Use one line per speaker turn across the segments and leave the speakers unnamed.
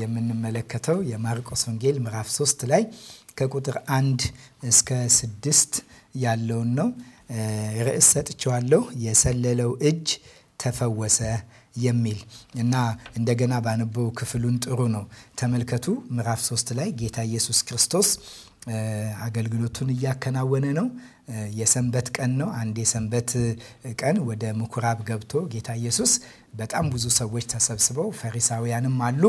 የምንመለከተው የማርቆስ ወንጌል ምዕራፍ 3 ላይ ከቁጥር 1 እስከ 6 ያለውን ነው። ርዕስ ሰጥቼዋለሁ፣ የሰለለው እጅ ተፈወሰ የሚል እና እንደገና ባነበው ክፍሉን ጥሩ ነው። ተመልከቱ። ምዕራፍ 3 ላይ ጌታ ኢየሱስ ክርስቶስ አገልግሎቱን እያከናወነ ነው። የሰንበት ቀን ነው። አንድ የሰንበት ቀን ወደ ምኩራብ ገብቶ ጌታ ኢየሱስ በጣም ብዙ ሰዎች ተሰብስበው ፈሪሳውያንም አሉ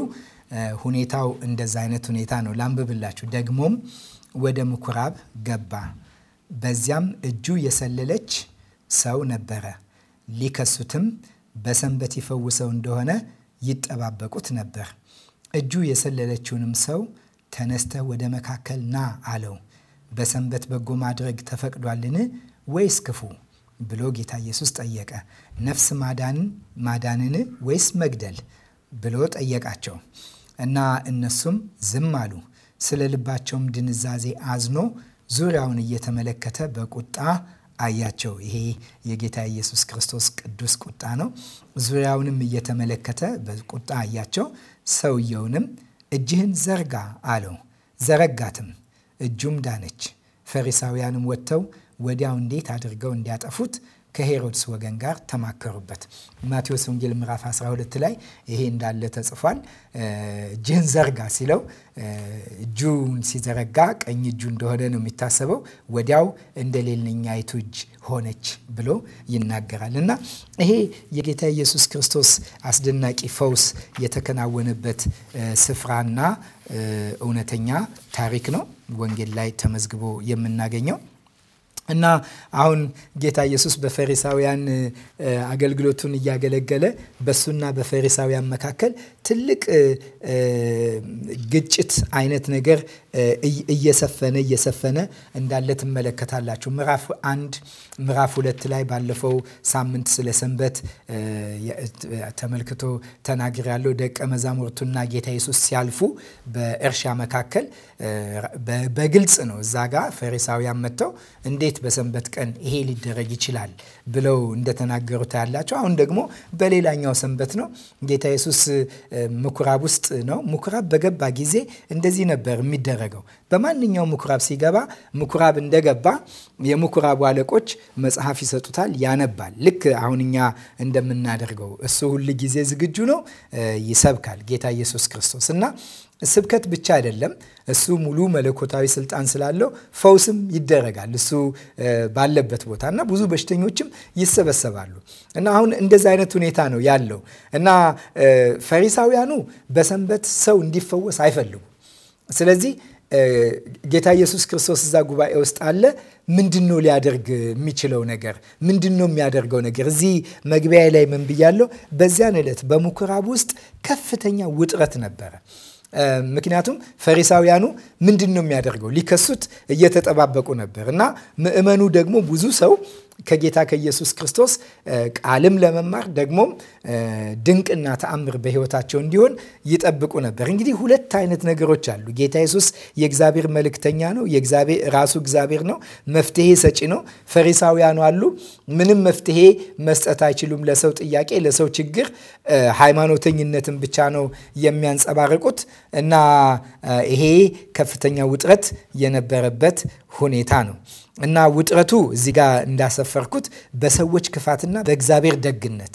ሁኔታው እንደዛ አይነት ሁኔታ ነው። ላንብብላችሁ። ደግሞም ወደ ምኩራብ ገባ፣ በዚያም እጁ የሰለለች ሰው ነበረ። ሊከሱትም በሰንበት ይፈውሰው እንደሆነ ይጠባበቁት ነበር። እጁ የሰለለችውንም ሰው ተነስተህ ወደ መካከል ና አለው። በሰንበት በጎ ማድረግ ተፈቅዷልን ወይስ ክፉ ብሎ ጌታ ኢየሱስ ጠየቀ። ነፍስ ማዳንን ወይስ መግደል ብሎ ጠየቃቸው። እና እነሱም ዝም አሉ። ስለ ልባቸውም ድንዛዜ አዝኖ ዙሪያውን እየተመለከተ በቁጣ አያቸው። ይሄ የጌታ ኢየሱስ ክርስቶስ ቅዱስ ቁጣ ነው። ዙሪያውንም እየተመለከተ በቁጣ አያቸው። ሰውየውንም እጅህን ዘርጋ አለው። ዘረጋትም፣ እጁም ዳነች። ፈሪሳውያንም ወጥተው ወዲያው እንዴት አድርገው እንዲያጠፉት ከሄሮድስ ወገን ጋር ተማከሩበት። ማቴዎስ ወንጌል ምዕራፍ 12 ላይ ይሄ እንዳለ ተጽፏል። እጅህን ዘርጋ ሲለው እጁን ሲዘረጋ ቀኝ እጁ እንደሆነ ነው የሚታሰበው። ወዲያው እንደ ሌላኛይቱ እጅ ሆነች ብሎ ይናገራል እና ይሄ የጌታ ኢየሱስ ክርስቶስ አስደናቂ ፈውስ የተከናወነበት ስፍራና እውነተኛ ታሪክ ነው፣ ወንጌል ላይ ተመዝግቦ የምናገኘው እና አሁን ጌታ ኢየሱስ በፈሪሳውያን አገልግሎቱን እያገለገለ በሱና በፈሪሳውያን መካከል ትልቅ ግጭት አይነት ነገር እየሰፈነ እየሰፈነ እንዳለ ትመለከታላችሁ። ምዕራፍ አንድ ምዕራፍ ሁለት ላይ ባለፈው ሳምንት ስለ ሰንበት ተመልክቶ ተናግር ያለው ደቀ መዛሙርቱና ጌታ ኢየሱስ ሲያልፉ በእርሻ መካከል በግልጽ ነው። እዛ ጋ ፈሪሳውያን መጥተው እንዴት በሰንበት ቀን ይሄ ሊደረግ ይችላል ብለው እንደተናገሩት ያላቸው አሁን ደግሞ በሌላኛው ሰንበት ነው። ጌታ ኢየሱስ ምኩራብ ውስጥ ነው። ምኩራብ በገባ ጊዜ እንደዚህ ነበር የሚደረግ ያደረገው። በማንኛውም ምኩራብ ሲገባ ምኩራብ እንደገባ የምኩራቡ አለቆች መጽሐፍ ይሰጡታል፣ ያነባል። ልክ አሁን እኛ እንደምናደርገው እሱ ሁል ጊዜ ዝግጁ ነው፣ ይሰብካል ጌታ ኢየሱስ ክርስቶስ እና ስብከት ብቻ አይደለም። እሱ ሙሉ መለኮታዊ ስልጣን ስላለው ፈውስም ይደረጋል እሱ ባለበት ቦታ እና ብዙ በሽተኞችም ይሰበሰባሉ እና አሁን እንደዚህ አይነት ሁኔታ ነው ያለው እና ፈሪሳውያኑ በሰንበት ሰው እንዲፈወስ አይፈልጉም። ስለዚህ ጌታ ኢየሱስ ክርስቶስ እዛ ጉባኤ ውስጥ አለ። ምንድን ነው ሊያደርግ የሚችለው ነገር? ምንድን ነው የሚያደርገው ነገር? እዚህ መግቢያ ላይ ምን ብያለሁ? በዚያን ዕለት በምኩራብ ውስጥ ከፍተኛ ውጥረት ነበረ። ምክንያቱም ፈሪሳውያኑ ምንድን ነው የሚያደርገው ሊከሱት እየተጠባበቁ ነበር እና ምእመኑ ደግሞ ብዙ ሰው ከጌታ ከኢየሱስ ክርስቶስ ቃልም ለመማር ደግሞም ድንቅና ተአምር በህይወታቸው እንዲሆን ይጠብቁ ነበር። እንግዲህ ሁለት አይነት ነገሮች አሉ። ጌታ ኢየሱስ የእግዚአብሔር መልእክተኛ ነው። ራሱ እግዚአብሔር ነው። መፍትሄ ሰጪ ነው። ፈሪሳውያኑ አሉ፣ ምንም መፍትሄ መስጠት አይችሉም። ለሰው ጥያቄ፣ ለሰው ችግር ሃይማኖተኝነትን ብቻ ነው የሚያንጸባርቁት እና ይሄ ከፍተኛ ውጥረት የነበረበት ሁኔታ ነው። እና ውጥረቱ እዚህ ጋር እንዳሰፈርኩት በሰዎች ክፋትና በእግዚአብሔር ደግነት፣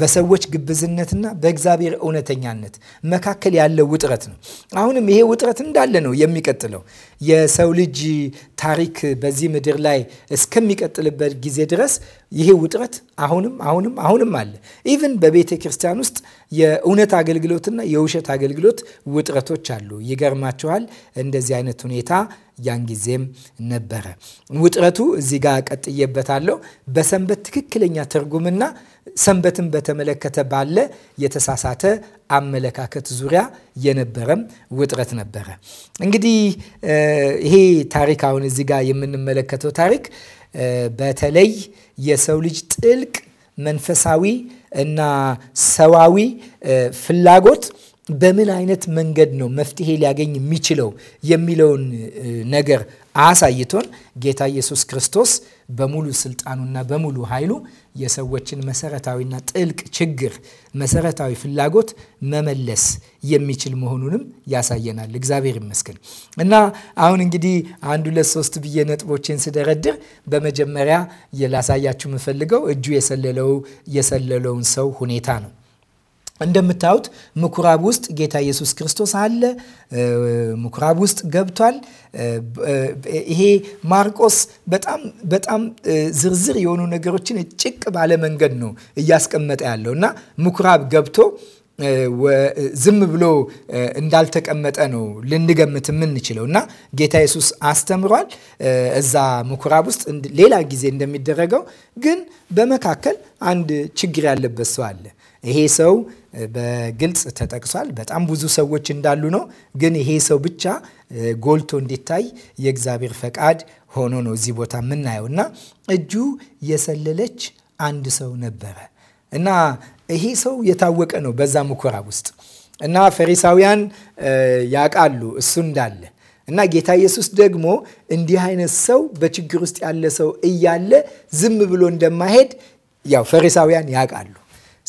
በሰዎች ግብዝነትና በእግዚአብሔር እውነተኛነት መካከል ያለው ውጥረት ነው። አሁንም ይሄ ውጥረት እንዳለ ነው የሚቀጥለው። የሰው ልጅ ታሪክ በዚህ ምድር ላይ እስከሚቀጥልበት ጊዜ ድረስ ይሄ ውጥረት አሁንም አሁንም አሁንም አለ። ኢቭን በቤተ ክርስቲያን ውስጥ የእውነት አገልግሎትና የውሸት አገልግሎት ውጥረቶች አሉ። ይገርማችኋል። እንደዚህ አይነት ሁኔታ ያን ጊዜም ነበረ። ውጥረቱ እዚህ ጋር ቀጥዬበታለሁ። በሰንበት ትክክለኛ ትርጉምና ሰንበትን በተመለከተ ባለ የተሳሳተ አመለካከት ዙሪያ የነበረም ውጥረት ነበረ። እንግዲህ ይሄ ታሪክ አሁን እዚህ ጋር የምንመለከተው ታሪክ በተለይ የሰው ልጅ ጥልቅ መንፈሳዊ እና ሰዋዊ ፍላጎት በምን አይነት መንገድ ነው መፍትሄ ሊያገኝ የሚችለው የሚለውን ነገር አሳይቶን ጌታ ኢየሱስ ክርስቶስ በሙሉ ስልጣኑና በሙሉ ኃይሉ የሰዎችን መሰረታዊና ጥልቅ ችግር፣ መሰረታዊ ፍላጎት መመለስ የሚችል መሆኑንም ያሳየናል። እግዚአብሔር ይመስገን እና አሁን እንግዲህ አንድ ሁለት ሶስት ብዬ ነጥቦችን ስደረድር በመጀመሪያ ላሳያችሁ የምፈልገው እጁ የሰለለው የሰለለውን ሰው ሁኔታ ነው። እንደምታዩት ምኩራብ ውስጥ ጌታ ኢየሱስ ክርስቶስ አለ። ምኩራብ ውስጥ ገብቷል። ይሄ ማርቆስ በጣም በጣም ዝርዝር የሆኑ ነገሮችን ጭቅ ባለ መንገድ ነው እያስቀመጠ ያለው እና ምኩራብ ገብቶ ዝም ብሎ እንዳልተቀመጠ ነው ልንገምት የምንችለው እና ጌታ ኢየሱስ አስተምሯል እዛ ምኩራብ ውስጥ ሌላ ጊዜ እንደሚደረገው። ግን በመካከል አንድ ችግር ያለበት ሰው አለ። ይሄ ሰው በግልጽ ተጠቅሷል። በጣም ብዙ ሰዎች እንዳሉ ነው። ግን ይሄ ሰው ብቻ ጎልቶ እንዲታይ የእግዚአብሔር ፈቃድ ሆኖ ነው እዚህ ቦታ የምናየው እና እጁ የሰለለች አንድ ሰው ነበረ እና ይሄ ሰው የታወቀ ነው በዛ ምኩራብ ውስጥ እና ፈሪሳውያን ያውቃሉ እሱ እንዳለ እና ጌታ ኢየሱስ ደግሞ እንዲህ አይነት ሰው በችግር ውስጥ ያለ ሰው እያለ ዝም ብሎ እንደማሄድ ያው ፈሪሳውያን ያውቃሉ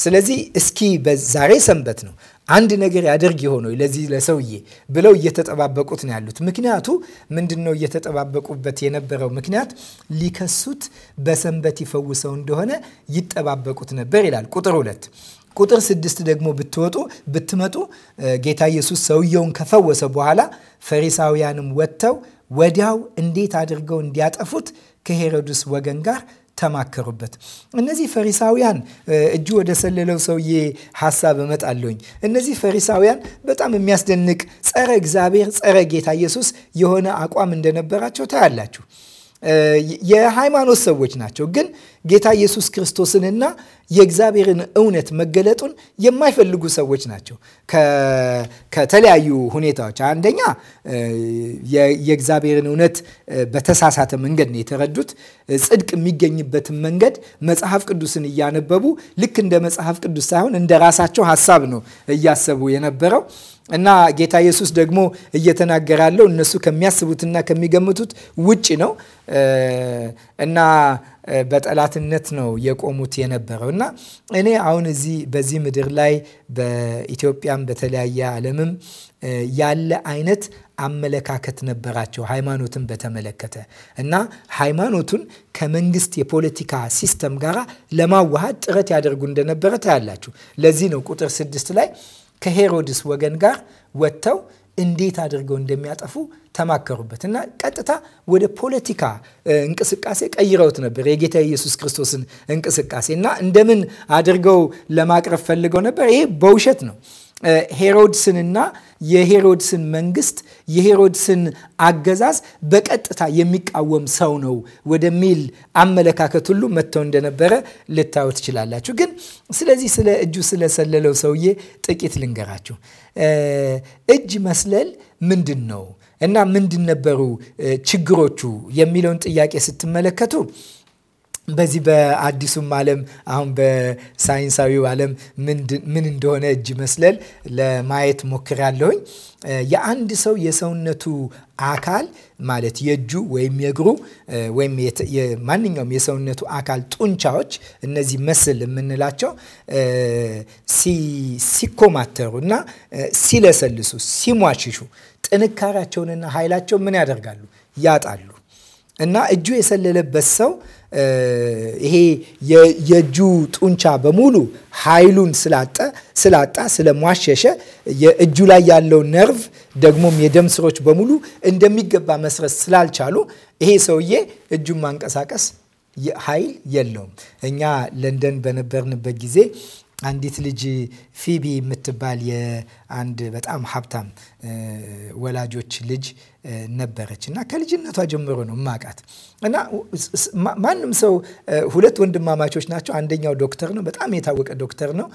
ስለዚህ እስኪ ዛሬ ሰንበት ነው አንድ ነገር ያደርግ የሆነው ለዚህ ለሰውዬ ብለው እየተጠባበቁት ነው ያሉት። ምክንያቱ ምንድን ነው? እየተጠባበቁበት የነበረው ምክንያት ሊከሱት በሰንበት ይፈውሰው እንደሆነ ይጠባበቁት ነበር ይላል ቁጥር ሁለት ቁጥር ስድስት ደግሞ ብትወጡ ብትመጡ ጌታ ኢየሱስ ሰውየውን ከፈወሰ በኋላ ፈሪሳውያንም ወጥተው ወዲያው እንዴት አድርገው እንዲያጠፉት ከሄሮድስ ወገን ጋር ተማከሩበት። እነዚህ ፈሪሳውያን እጁ ወደ ሰለለው ሰውዬ ሀሳብ እመጣለሁኝ። እነዚህ ፈሪሳውያን በጣም የሚያስደንቅ ጸረ እግዚአብሔር ጸረ ጌታ ኢየሱስ የሆነ አቋም እንደነበራቸው ታያላችሁ። የሃይማኖት ሰዎች ናቸው፣ ግን ጌታ ኢየሱስ ክርስቶስንና የእግዚአብሔርን እውነት መገለጡን የማይፈልጉ ሰዎች ናቸው። ከተለያዩ ሁኔታዎች አንደኛ የእግዚአብሔርን እውነት በተሳሳተ መንገድ ነው የተረዱት። ጽድቅ የሚገኝበትን መንገድ መጽሐፍ ቅዱስን እያነበቡ ልክ እንደ መጽሐፍ ቅዱስ ሳይሆን እንደ ራሳቸው ሀሳብ ነው እያሰቡ የነበረው እና ጌታ ኢየሱስ ደግሞ እየተናገረ ያለው እነሱ ከሚያስቡትና ከሚገምቱት ውጭ ነው እና በጠላትነት ነው የቆሙት የነበረው እና እኔ አሁን እዚህ በዚህ ምድር ላይ በኢትዮጵያም በተለያየ ዓለምም ያለ አይነት አመለካከት ነበራቸው ሃይማኖትን በተመለከተ እና ሃይማኖቱን ከመንግስት የፖለቲካ ሲስተም ጋር ለማዋሃድ ጥረት ያደርጉ እንደነበረ ታያላችሁ። ለዚህ ነው ቁጥር ስድስት ላይ ከሄሮድስ ወገን ጋር ወጥተው እንዴት አድርገው እንደሚያጠፉ ተማከሩበት እና ቀጥታ ወደ ፖለቲካ እንቅስቃሴ ቀይረውት ነበር። የጌታ ኢየሱስ ክርስቶስን እንቅስቃሴ እና እንደምን አድርገው ለማቅረብ ፈልገው ነበር። ይሄ በውሸት ነው ሄሮድስንና የሄሮድስን መንግስት የሄሮድስን አገዛዝ በቀጥታ የሚቃወም ሰው ነው ወደሚል አመለካከት ሁሉ መጥተው እንደነበረ ልታዩ ትችላላችሁ። ግን ስለዚህ ስለ እጁ ስለሰለለው ሰውዬ ጥቂት ልንገራችሁ። እጅ መስለል ምንድን ነው እና ምንድን ነበሩ ችግሮቹ የሚለውን ጥያቄ ስትመለከቱ በዚህ በአዲሱም ዓለም አሁን በሳይንሳዊው ዓለም ምን እንደሆነ እጅ መስለል ለማየት ያለሁኝ የአንድ ሰው የሰውነቱ አካል ማለት የእጁ ወይም የእግሩ ወይም ማንኛውም የሰውነቱ አካል ጡንቻዎች እነዚህ መስል የምንላቸው ሲኮማተሩ እና ሲለሰልሱ፣ ሲሟሽሹ ጥንካሬያቸውንና ኃይላቸው ምን ያደርጋሉ? ያጣሉ እና እጁ የሰለለበት ሰው ይሄ የእጁ ጡንቻ በሙሉ ኃይሉን ስላጠ ስላጣ ስለሟሸሸ የእጁ ላይ ያለው ነርቭ ደግሞም የደም ስሮች በሙሉ እንደሚገባ መስረት ስላልቻሉ ይሄ ሰውዬ እጁን ማንቀሳቀስ ኃይል የለውም። እኛ ለንደን በነበርንበት ጊዜ አንዲት ልጅ ፊቢ የምትባል የአንድ በጣም ሀብታም ወላጆች ልጅ ነበረች እና ከልጅነቷ ጀምሮ ነው ማቃት እና ማንም ሰው ሁለት ወንድማማቾች ናቸው። አንደኛው ዶክተር ነው፣ በጣም የታወቀ ዶክተር ነው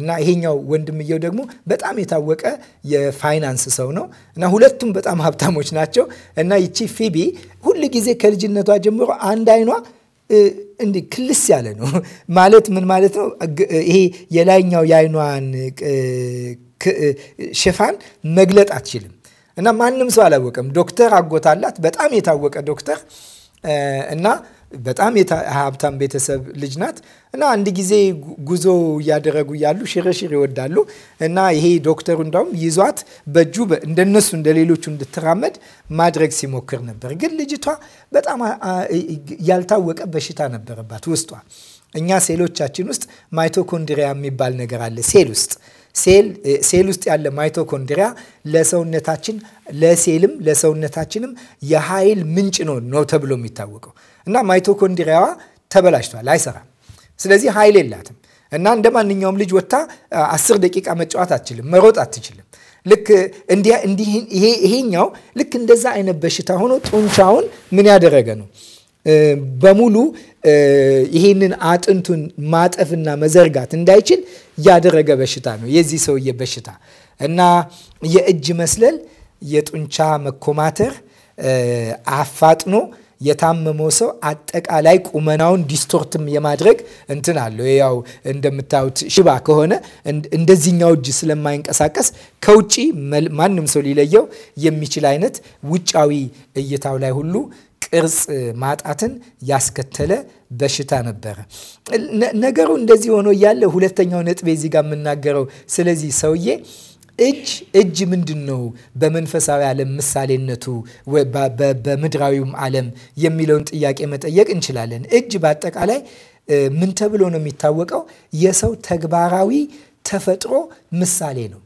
እና ይሄኛው ወንድምየው ደግሞ በጣም የታወቀ የፋይናንስ ሰው ነው እና ሁለቱም በጣም ሀብታሞች ናቸው እና ይቺ ፊቢ ሁል ጊዜ ከልጅነቷ ጀምሮ አንድ አይኗ እንዲ ክልስ ያለ ነው ማለት ምን ማለት ነው? ይሄ የላይኛው የአይኗን ሽፋን መግለጥ አትችልም እና ማንም ሰው አላወቀም። ዶክተር አጎታላት በጣም የታወቀ ዶክተር እና በጣም የሀብታም ቤተሰብ ልጅ ናት እና አንድ ጊዜ ጉዞ እያደረጉ ያሉ ሽርሽር ይወዳሉ እና ይሄ ዶክተሩ እንዳውም ይዟት በእጁ እንደነሱ እንደ ሌሎቹ እንድትራመድ ማድረግ ሲሞክር ነበር። ግን ልጅቷ በጣም ያልታወቀ በሽታ ነበረባት ውስጧ። እኛ ሴሎቻችን ውስጥ ማይቶኮንድሪያ የሚባል ነገር አለ ሴል ውስጥ ሴል ውስጥ ያለ ማይቶኮንድሪያ ለሰውነታችን ለሴልም ለሰውነታችንም የኃይል ምንጭ ነው ነው ተብሎ የሚታወቀው እና ማይቶኮንድሪያዋ ተበላሽቷል፣ አይሰራም። ስለዚህ ኃይል የላትም እና እንደ ማንኛውም ልጅ ወጥታ አስር ደቂቃ መጫወት አትችልም፣ መሮጥ አትችልም። ልክ ይሄኛው ልክ እንደዛ አይነት በሽታ ሆኖ ጡንቻውን ምን ያደረገ ነው በሙሉ ይህንን አጥንቱን ማጠፍና መዘርጋት እንዳይችል ያደረገ በሽታ ነው የዚህ ሰውዬ በሽታ እና የእጅ መስለል፣ የጡንቻ መኮማተር አፋጥኖ የታመመው ሰው አጠቃላይ ቁመናውን ዲስቶርትም የማድረግ እንትን አለው። ያው እንደምታዩት ሽባ ከሆነ እንደዚህኛው እጅ ስለማይንቀሳቀስ ከውጪ ማንም ሰው ሊለየው የሚችል አይነት ውጫዊ እይታው ላይ ሁሉ ቅርጽ ማጣትን ያስከተለ በሽታ ነበረ። ነገሩ እንደዚህ ሆኖ እያለ ሁለተኛው ነጥቤ እዚህ ጋር የምናገረው ስለዚህ ሰውዬ እጅ እጅ ምንድን ነው በመንፈሳዊ ዓለም ምሳሌነቱ በምድራዊውም ዓለም የሚለውን ጥያቄ መጠየቅ እንችላለን። እጅ በአጠቃላይ ምን ተብሎ ነው የሚታወቀው? የሰው ተግባራዊ ተፈጥሮ ምሳሌ ነው።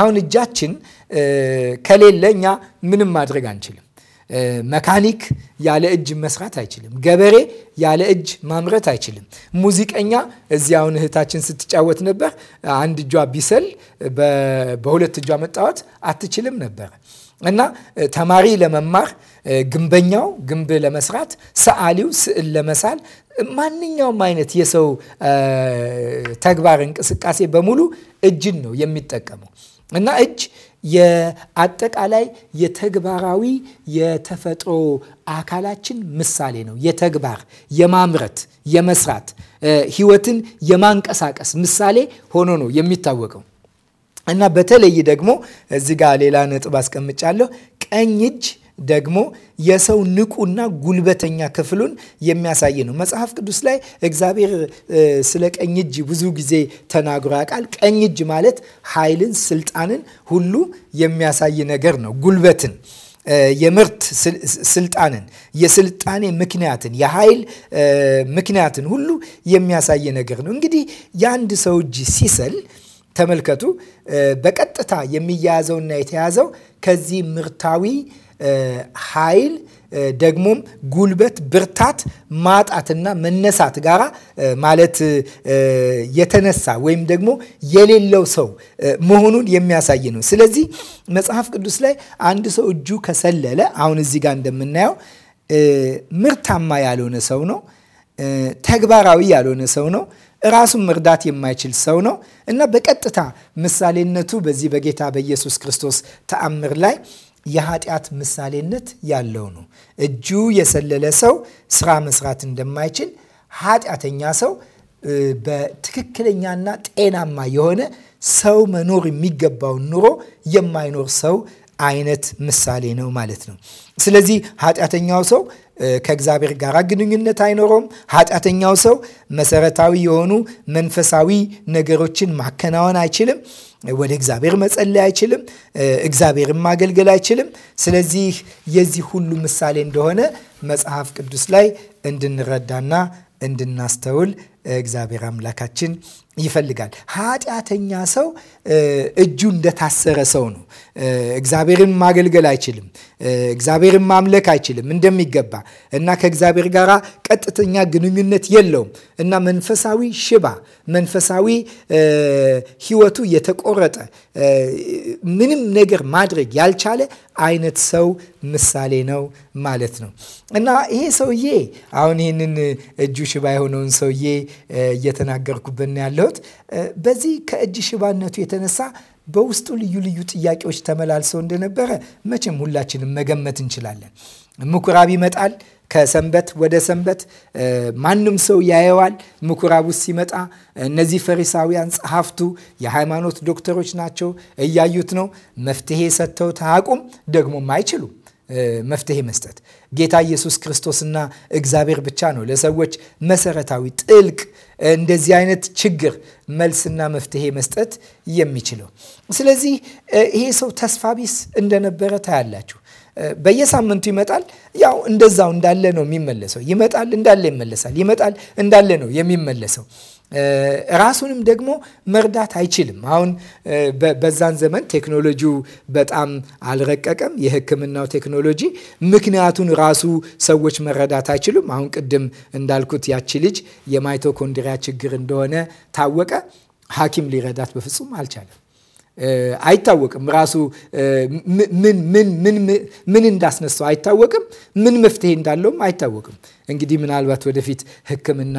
አሁን እጃችን ከሌለ እኛ ምንም ማድረግ አንችልም። መካኒክ ያለ እጅ መስራት አይችልም። ገበሬ ያለ እጅ ማምረት አይችልም። ሙዚቀኛ እዚያውን እህታችን ስትጫወት ነበር። አንድ እጇ ቢሰል በሁለት እጇ መጣወት አትችልም ነበር እና ተማሪ ለመማር ግንበኛው ግንብ ለመስራት፣ ሰዓሊው ስዕል ለመሳል ማንኛውም አይነት የሰው ተግባር እንቅስቃሴ በሙሉ እጅን ነው የሚጠቀመው እና እጅ የአጠቃላይ የተግባራዊ የተፈጥሮ አካላችን ምሳሌ ነው። የተግባር የማምረት የመስራት ህይወትን የማንቀሳቀስ ምሳሌ ሆኖ ነው የሚታወቀው እና በተለይ ደግሞ እዚህ ጋር ሌላ ነጥብ አስቀምጫለሁ ቀኝ እጅ ደግሞ የሰው ንቁና ጉልበተኛ ክፍሉን የሚያሳይ ነው። መጽሐፍ ቅዱስ ላይ እግዚአብሔር ስለ ቀኝ እጅ ብዙ ጊዜ ተናግሮ ያውቃል። ቀኝ እጅ ማለት ኃይልን፣ ስልጣንን ሁሉ የሚያሳይ ነገር ነው። ጉልበትን፣ የምርት ስልጣንን፣ የስልጣኔ ምክንያትን፣ የኃይል ምክንያትን ሁሉ የሚያሳይ ነገር ነው። እንግዲህ የአንድ ሰው እጅ ሲሰል ተመልከቱ፣ በቀጥታ የሚያያዘውና የተያዘው ከዚህ ምርታዊ ኃይል ደግሞም ጉልበት፣ ብርታት ማጣትና መነሳት ጋራ ማለት የተነሳ ወይም ደግሞ የሌለው ሰው መሆኑን የሚያሳይ ነው። ስለዚህ መጽሐፍ ቅዱስ ላይ አንድ ሰው እጁ ከሰለለ አሁን እዚህ ጋር እንደምናየው ምርታማ ያልሆነ ሰው ነው። ተግባራዊ ያልሆነ ሰው ነው። ራሱን መርዳት የማይችል ሰው ነው እና በቀጥታ ምሳሌነቱ በዚህ በጌታ በኢየሱስ ክርስቶስ ተአምር ላይ የኃጢአት ምሳሌነት ያለው ነው። እጁ የሰለለ ሰው ስራ መስራት እንደማይችል፣ ኃጢአተኛ ሰው በትክክለኛና ጤናማ የሆነ ሰው መኖር የሚገባውን ኑሮ የማይኖር ሰው አይነት ምሳሌ ነው ማለት ነው። ስለዚህ ኃጢአተኛው ሰው ከእግዚአብሔር ጋር ግንኙነት አይኖረውም። ኃጢአተኛው ሰው መሰረታዊ የሆኑ መንፈሳዊ ነገሮችን ማከናወን አይችልም። ወደ እግዚአብሔር መጸለይ አይችልም። እግዚአብሔርን ማገልገል አይችልም። ስለዚህ የዚህ ሁሉ ምሳሌ እንደሆነ መጽሐፍ ቅዱስ ላይ እንድንረዳና እንድናስተውል እግዚአብሔር አምላካችን ይፈልጋል። ኃጢአተኛ ሰው እጁ እንደታሰረ ሰው ነው። እግዚአብሔርን ማገልገል አይችልም። እግዚአብሔርን ማምለክ አይችልም እንደሚገባ እና ከእግዚአብሔር ጋር ቀጥተኛ ግንኙነት የለውም እና መንፈሳዊ ሽባ፣ መንፈሳዊ ሕይወቱ የተቆረጠ ምንም ነገር ማድረግ ያልቻለ አይነት ሰው ምሳሌ ነው ማለት ነው እና ይሄ ሰውዬ አሁን ይህንን እጁ ሽባ የሆነውን ሰውዬ እየተናገርኩበት ያለው ያለሁት። በዚህ ከእጅ ሽባነቱ የተነሳ በውስጡ ልዩ ልዩ ጥያቄዎች ተመላልሰው እንደነበረ መቼም ሁላችንም መገመት እንችላለን። ምኩራብ ይመጣል ከሰንበት ወደ ሰንበት ማንም ሰው ያየዋል። ምኩራብ ውስጥ ሲመጣ እነዚህ ፈሪሳውያን ጸሐፍቱ፣ የሃይማኖት ዶክተሮች ናቸው። እያዩት ነው። መፍትሄ ሰጥተው ታያቁም፣ ደግሞም አይችሉም። መፍትሄ መስጠት። ጌታ ኢየሱስ ክርስቶስና እግዚአብሔር ብቻ ነው ለሰዎች መሰረታዊ ጥልቅ እንደዚህ አይነት ችግር መልስና መፍትሄ መስጠት የሚችለው። ስለዚህ ይሄ ሰው ተስፋ ቢስ እንደነበረ ታያላችሁ። በየሳምንቱ ይመጣል። ያው እንደዛው እንዳለ ነው የሚመለሰው። ይመጣል እንዳለ ይመለሳል። ይመጣል እንዳለ ነው የሚመለሰው። ራሱንም ደግሞ መርዳት አይችልም። አሁን በዛን ዘመን ቴክኖሎጂው በጣም አልረቀቀም፣ የሕክምናው ቴክኖሎጂ ምክንያቱን ራሱ ሰዎች መረዳት አይችሉም። አሁን ቅድም እንዳልኩት ያቺ ልጅ የማይቶኮንድሪያ ችግር እንደሆነ ታወቀ። ሐኪም ሊረዳት በፍጹም አልቻለም። አይታወቅም። ራሱ ምን እንዳስነሳው አይታወቅም። ምን መፍትሄ እንዳለውም አይታወቅም። እንግዲህ ምናልባት ወደፊት ሕክምና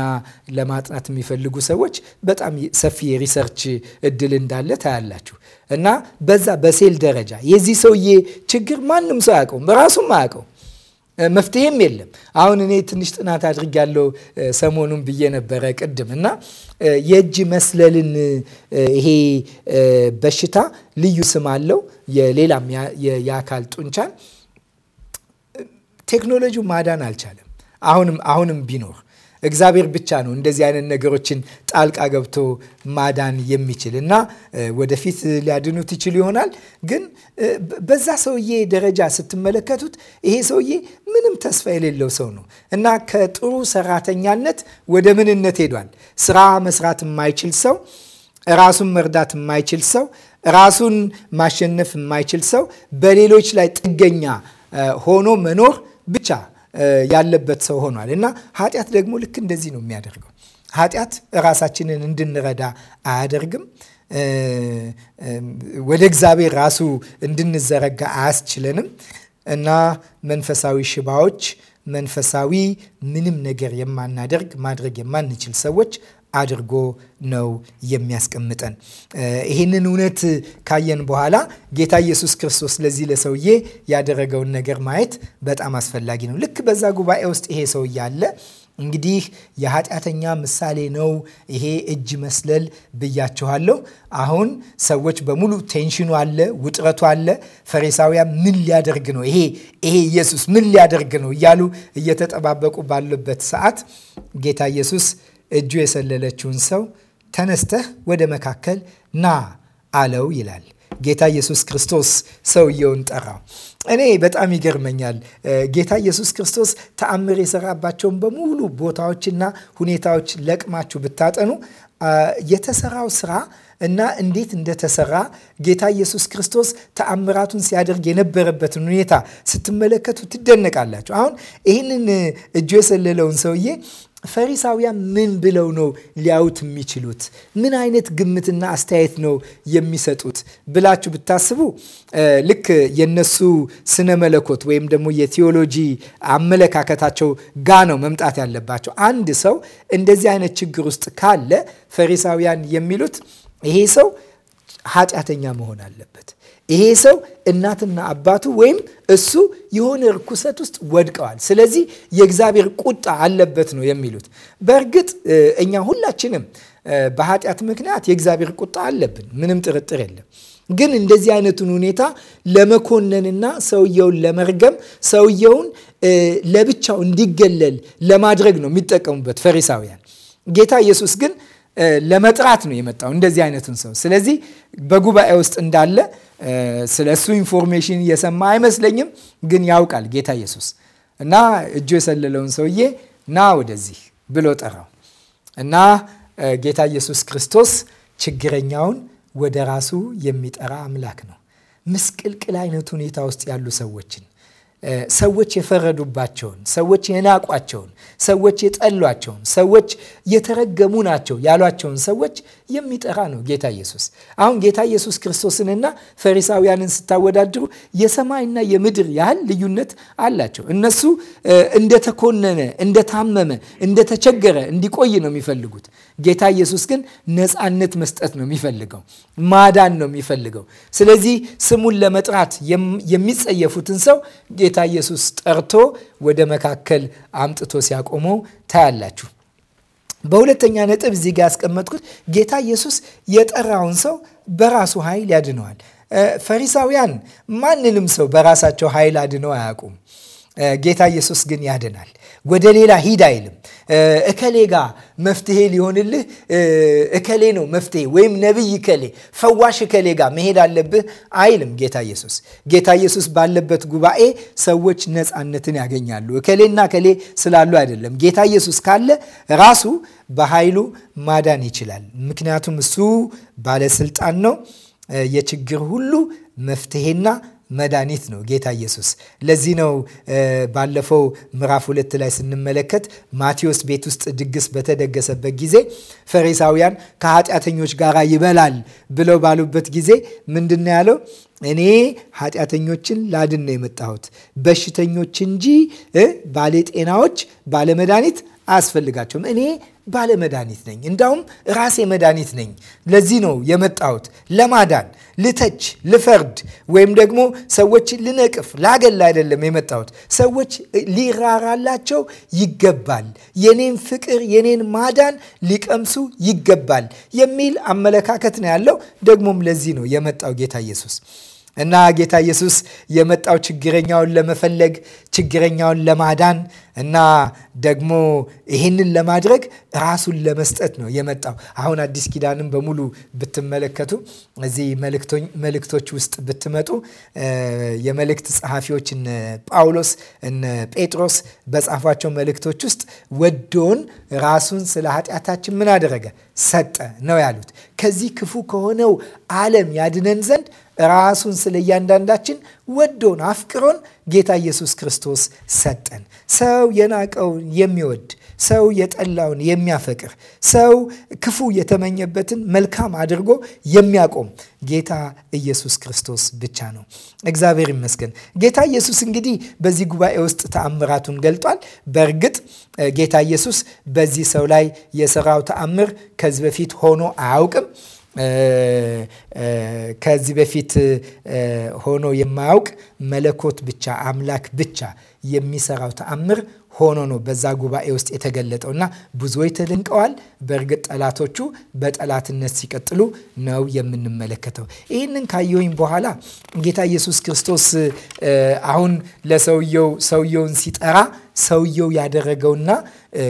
ለማጥናት የሚፈልጉ ሰዎች በጣም ሰፊ የሪሰርች እድል እንዳለ ታያላችሁ። እና በዛ በሴል ደረጃ የዚህ ሰውዬ ችግር ማንም ሰው አያውቀውም፣ ራሱም አያውቀውም። መፍትሄም የለም። አሁን እኔ ትንሽ ጥናት አድርጌያለሁ ሰሞኑን ብዬ ነበረ ቅድም እና የእጅ መስለልን ይሄ በሽታ ልዩ ስም አለው። የሌላም የአካል ጡንቻን ቴክኖሎጂው ማዳን አልቻለም። አሁንም አሁንም ቢኖር እግዚአብሔር ብቻ ነው እንደዚህ አይነት ነገሮችን ጣልቃ ገብቶ ማዳን የሚችል እና ወደፊት ሊያድኑት ይችል ይሆናል። ግን በዛ ሰውዬ ደረጃ ስትመለከቱት ይሄ ሰውዬ ምንም ተስፋ የሌለው ሰው ነው እና ከጥሩ ሰራተኛነት ወደ ምንነት ሄዷል። ስራ መስራት የማይችል ሰው፣ ራሱን መርዳት የማይችል ሰው፣ ራሱን ማሸነፍ የማይችል ሰው፣ በሌሎች ላይ ጥገኛ ሆኖ መኖር ብቻ ያለበት ሰው ሆኗል እና ኃጢአት ደግሞ ልክ እንደዚህ ነው የሚያደርገው። ኃጢአት ራሳችንን እንድንረዳ አያደርግም። ወደ እግዚአብሔር ራሱ እንድንዘረጋ አያስችለንም እና መንፈሳዊ ሽባዎች መንፈሳዊ ምንም ነገር የማናደርግ ማድረግ የማንችል ሰዎች አድርጎ ነው የሚያስቀምጠን። ይህንን እውነት ካየን በኋላ ጌታ ኢየሱስ ክርስቶስ ለዚህ ለሰውዬ ያደረገውን ነገር ማየት በጣም አስፈላጊ ነው። ልክ በዛ ጉባኤ ውስጥ ይሄ ሰው አለ። እንግዲህ የኃጢአተኛ ምሳሌ ነው ይሄ እጅ መስለል ብያችኋለሁ። አሁን ሰዎች በሙሉ ቴንሽኑ አለ፣ ውጥረቱ አለ። ፈሪሳውያን ምን ሊያደርግ ነው ይሄ ይሄ ኢየሱስ ምን ሊያደርግ ነው እያሉ እየተጠባበቁ ባለበት ሰዓት ጌታ ኢየሱስ እጁ የሰለለችውን ሰው ተነስተህ ወደ መካከል ና አለው ይላል። ጌታ ኢየሱስ ክርስቶስ ሰውየውን ጠራው። እኔ በጣም ይገርመኛል። ጌታ ኢየሱስ ክርስቶስ ተአምር የሰራባቸውን በሙሉ ቦታዎችና ሁኔታዎች ለቅማችሁ ብታጠኑ የተሰራው ስራ እና እንዴት እንደተሰራ ጌታ ኢየሱስ ክርስቶስ ተአምራቱን ሲያደርግ የነበረበትን ሁኔታ ስትመለከቱ ትደነቃላችሁ። አሁን ይህንን እጁ የሰለለውን ሰውዬ ፈሪሳውያን ምን ብለው ነው ሊያዩት የሚችሉት? ምን አይነት ግምትና አስተያየት ነው የሚሰጡት ብላችሁ ብታስቡ ልክ የነሱ ስነ መለኮት ወይም ደግሞ የቴዎሎጂ አመለካከታቸው ጋ ነው መምጣት ያለባቸው። አንድ ሰው እንደዚህ አይነት ችግር ውስጥ ካለ ፈሪሳውያን የሚሉት ይሄ ሰው ኃጢአተኛ መሆን አለበት። ይሄ ሰው እናትና አባቱ ወይም እሱ የሆነ እርኩሰት ውስጥ ወድቀዋል። ስለዚህ የእግዚአብሔር ቁጣ አለበት ነው የሚሉት። በእርግጥ እኛ ሁላችንም በኃጢአት ምክንያት የእግዚአብሔር ቁጣ አለብን፣ ምንም ጥርጥር የለም። ግን እንደዚህ አይነቱን ሁኔታ ለመኮነንና ሰውየውን ለመርገም ሰውየውን ለብቻው እንዲገለል ለማድረግ ነው የሚጠቀሙበት ፈሪሳውያን። ጌታ ኢየሱስ ግን ለመጥራት ነው የመጣው እንደዚህ አይነቱን ሰው። ስለዚህ በጉባኤ ውስጥ እንዳለ ስለ እሱ ኢንፎርሜሽን እየሰማ አይመስለኝም፣ ግን ያውቃል ጌታ ኢየሱስ እና እጁ የሰለለውን ሰውዬ ና ወደዚህ ብሎ ጠራው እና ጌታ ኢየሱስ ክርስቶስ ችግረኛውን ወደ ራሱ የሚጠራ አምላክ ነው። ምስቅልቅል አይነት ሁኔታ ውስጥ ያሉ ሰዎችን ሰዎች የፈረዱባቸውን፣ ሰዎች የናቋቸውን፣ ሰዎች የጠሏቸውን፣ ሰዎች የተረገሙ ናቸው ያሏቸውን ሰዎች የሚጠራ ነው ጌታ ኢየሱስ። አሁን ጌታ ኢየሱስ ክርስቶስንና ፈሪሳውያንን ስታወዳድሩ የሰማይና የምድር ያህል ልዩነት አላቸው። እነሱ እንደተኮነነ፣ እንደታመመ፣ እንደተቸገረ እንዲቆይ ነው የሚፈልጉት። ጌታ ኢየሱስ ግን ነፃነት መስጠት ነው የሚፈልገው፣ ማዳን ነው የሚፈልገው። ስለዚህ ስሙን ለመጥራት የሚጸየፉትን ሰው ጌታ ኢየሱስ ጠርቶ ወደ መካከል አምጥቶ ሲያቆመው ታያላችሁ። በሁለተኛ ነጥብ እዚህ ጋር ያስቀመጥኩት ጌታ ኢየሱስ የጠራውን ሰው በራሱ ኃይል ያድነዋል። ፈሪሳውያን ማንንም ሰው በራሳቸው ኃይል አድነው አያውቁም። ጌታ ኢየሱስ ግን ያድናል። ወደ ሌላ ሂድ አይልም። እከሌ ጋር መፍትሄ ሊሆንልህ እከሌ ነው መፍትሄ ወይም ነቢይ እከሌ፣ ፈዋሽ እከሌ ጋር መሄድ አለብህ አይልም ጌታ ኢየሱስ። ጌታ ኢየሱስ ባለበት ጉባኤ ሰዎች ነፃነትን ያገኛሉ። እከሌና እከሌ ስላሉ አይደለም። ጌታ ኢየሱስ ካለ ራሱ በኃይሉ ማዳን ይችላል። ምክንያቱም እሱ ባለስልጣን ነው። የችግር ሁሉ መፍትሄና መድኃኒት ነው ጌታ ኢየሱስ። ለዚህ ነው ባለፈው ምዕራፍ ሁለት ላይ ስንመለከት ማቴዎስ ቤት ውስጥ ድግስ በተደገሰበት ጊዜ ፈሪሳውያን ከኃጢአተኞች ጋር ይበላል ብለው ባሉበት ጊዜ ምንድን ያለው? እኔ ኃጢአተኞችን ላድን ነው የመጣሁት በሽተኞች እንጂ ባለጤናዎች ባለመድኃኒት አያስፈልጋቸውም። እኔ ባለመድኃኒት ነኝ፣ እንዳውም ራሴ መድኃኒት ነኝ። ለዚህ ነው የመጣሁት ለማዳን ልተች፣ ልፈርድ ወይም ደግሞ ሰዎች ልነቅፍ፣ ላገል አይደለም የመጣሁት። ሰዎች ሊራራላቸው ይገባል፣ የኔን ፍቅር የኔን ማዳን ሊቀምሱ ይገባል የሚል አመለካከት ነው ያለው። ደግሞም ለዚህ ነው የመጣው ጌታ ኢየሱስ እና ጌታ ኢየሱስ የመጣው ችግረኛውን ለመፈለግ ችግረኛውን ለማዳን እና ደግሞ ይህንን ለማድረግ ራሱን ለመስጠት ነው የመጣው። አሁን አዲስ ኪዳንም በሙሉ ብትመለከቱ እዚህ መልእክቶች ውስጥ ብትመጡ የመልእክት ጸሐፊዎች እነ ጳውሎስ እነ ጴጥሮስ በጻፏቸው መልእክቶች ውስጥ ወዶን ራሱን ስለ ኃጢአታችን ምን አደረገ? ሰጠ ነው ያሉት። ከዚህ ክፉ ከሆነው ዓለም ያድነን ዘንድ ራሱን ስለ እያንዳንዳችን ወዶን አፍቅሮን ጌታ ኢየሱስ ክርስቶስ ሰጠን። ሰው የናቀውን የሚወድ ሰው የጠላውን የሚያፈቅር ሰው ክፉ የተመኘበትን መልካም አድርጎ የሚያቆም ጌታ ኢየሱስ ክርስቶስ ብቻ ነው። እግዚአብሔር ይመስገን። ጌታ ኢየሱስ እንግዲህ በዚህ ጉባኤ ውስጥ ተአምራቱን ገልጧል። በእርግጥ ጌታ ኢየሱስ በዚህ ሰው ላይ የሰራው ተአምር ከዚህ በፊት ሆኖ አያውቅም። ከዚህ በፊት ሆኖ የማያውቅ መለኮት ብቻ አምላክ ብቻ የሚሰራው ተአምር ሆኖ ነው በዛ ጉባኤ ውስጥ የተገለጠው እና ብዙዎች ተደንቀዋል። በእርግጥ ጠላቶቹ በጠላትነት ሲቀጥሉ ነው የምንመለከተው። ይህንን ካየሁኝ በኋላ ጌታ ኢየሱስ ክርስቶስ አሁን ለሰውየው ሰውየውን ሲጠራ ሰውየው ያደረገውና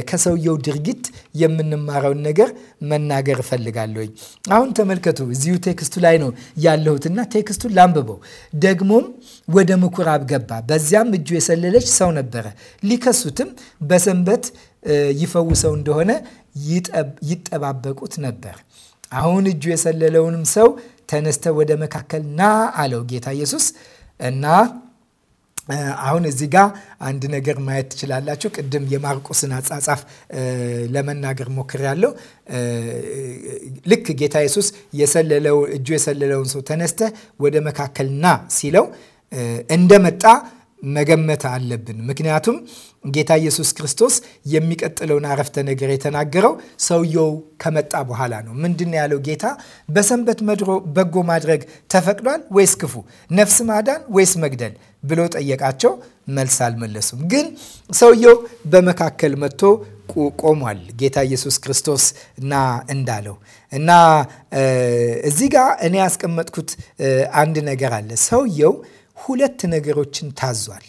ከሰውየው ድርጊት የምንማረውን ነገር መናገር እፈልጋለሁኝ። አሁን ተመልከቱ፣ እዚሁ ቴክስቱ ላይ ነው ያለሁትና ቴክስቱን ላንብበው። ደግሞም ወደ ምኩራብ ገባ፣ በዚያም እጁ የሰለለች ሰው ነበረ። ሊከሱትም በሰንበት ይፈውሰው እንደሆነ ይጠባበቁት ነበር። አሁን እጁ የሰለለውንም ሰው ተነስተ ወደ መካከል ና አለው ጌታ ኢየሱስ እና አሁን እዚህ ጋር አንድ ነገር ማየት ትችላላችሁ። ቅድም የማርቆስን አጻጻፍ ለመናገር ሞክሬያለሁ። ልክ ጌታ ኢየሱስ የሰለለው እጁ የሰለለውን ሰው ተነስተ ወደ መካከል ና ሲለው እንደመጣ መገመት አለብን። ምክንያቱም ጌታ ኢየሱስ ክርስቶስ የሚቀጥለውን አረፍተ ነገር የተናገረው ሰውየው ከመጣ በኋላ ነው። ምንድን ያለው ጌታ? በሰንበት መድሮ በጎ ማድረግ ተፈቅዷል ወይስ ክፉ? ነፍስ ማዳን ወይስ መግደል? ብሎ ጠየቃቸው። መልስ አልመለሱም። ግን ሰውየው በመካከል መጥቶ ቆሟል። ጌታ ኢየሱስ ክርስቶስ ና እንዳለው እና እዚህ ጋር እኔ ያስቀመጥኩት አንድ ነገር አለ። ሰውየው ሁለት ነገሮችን ታዟል።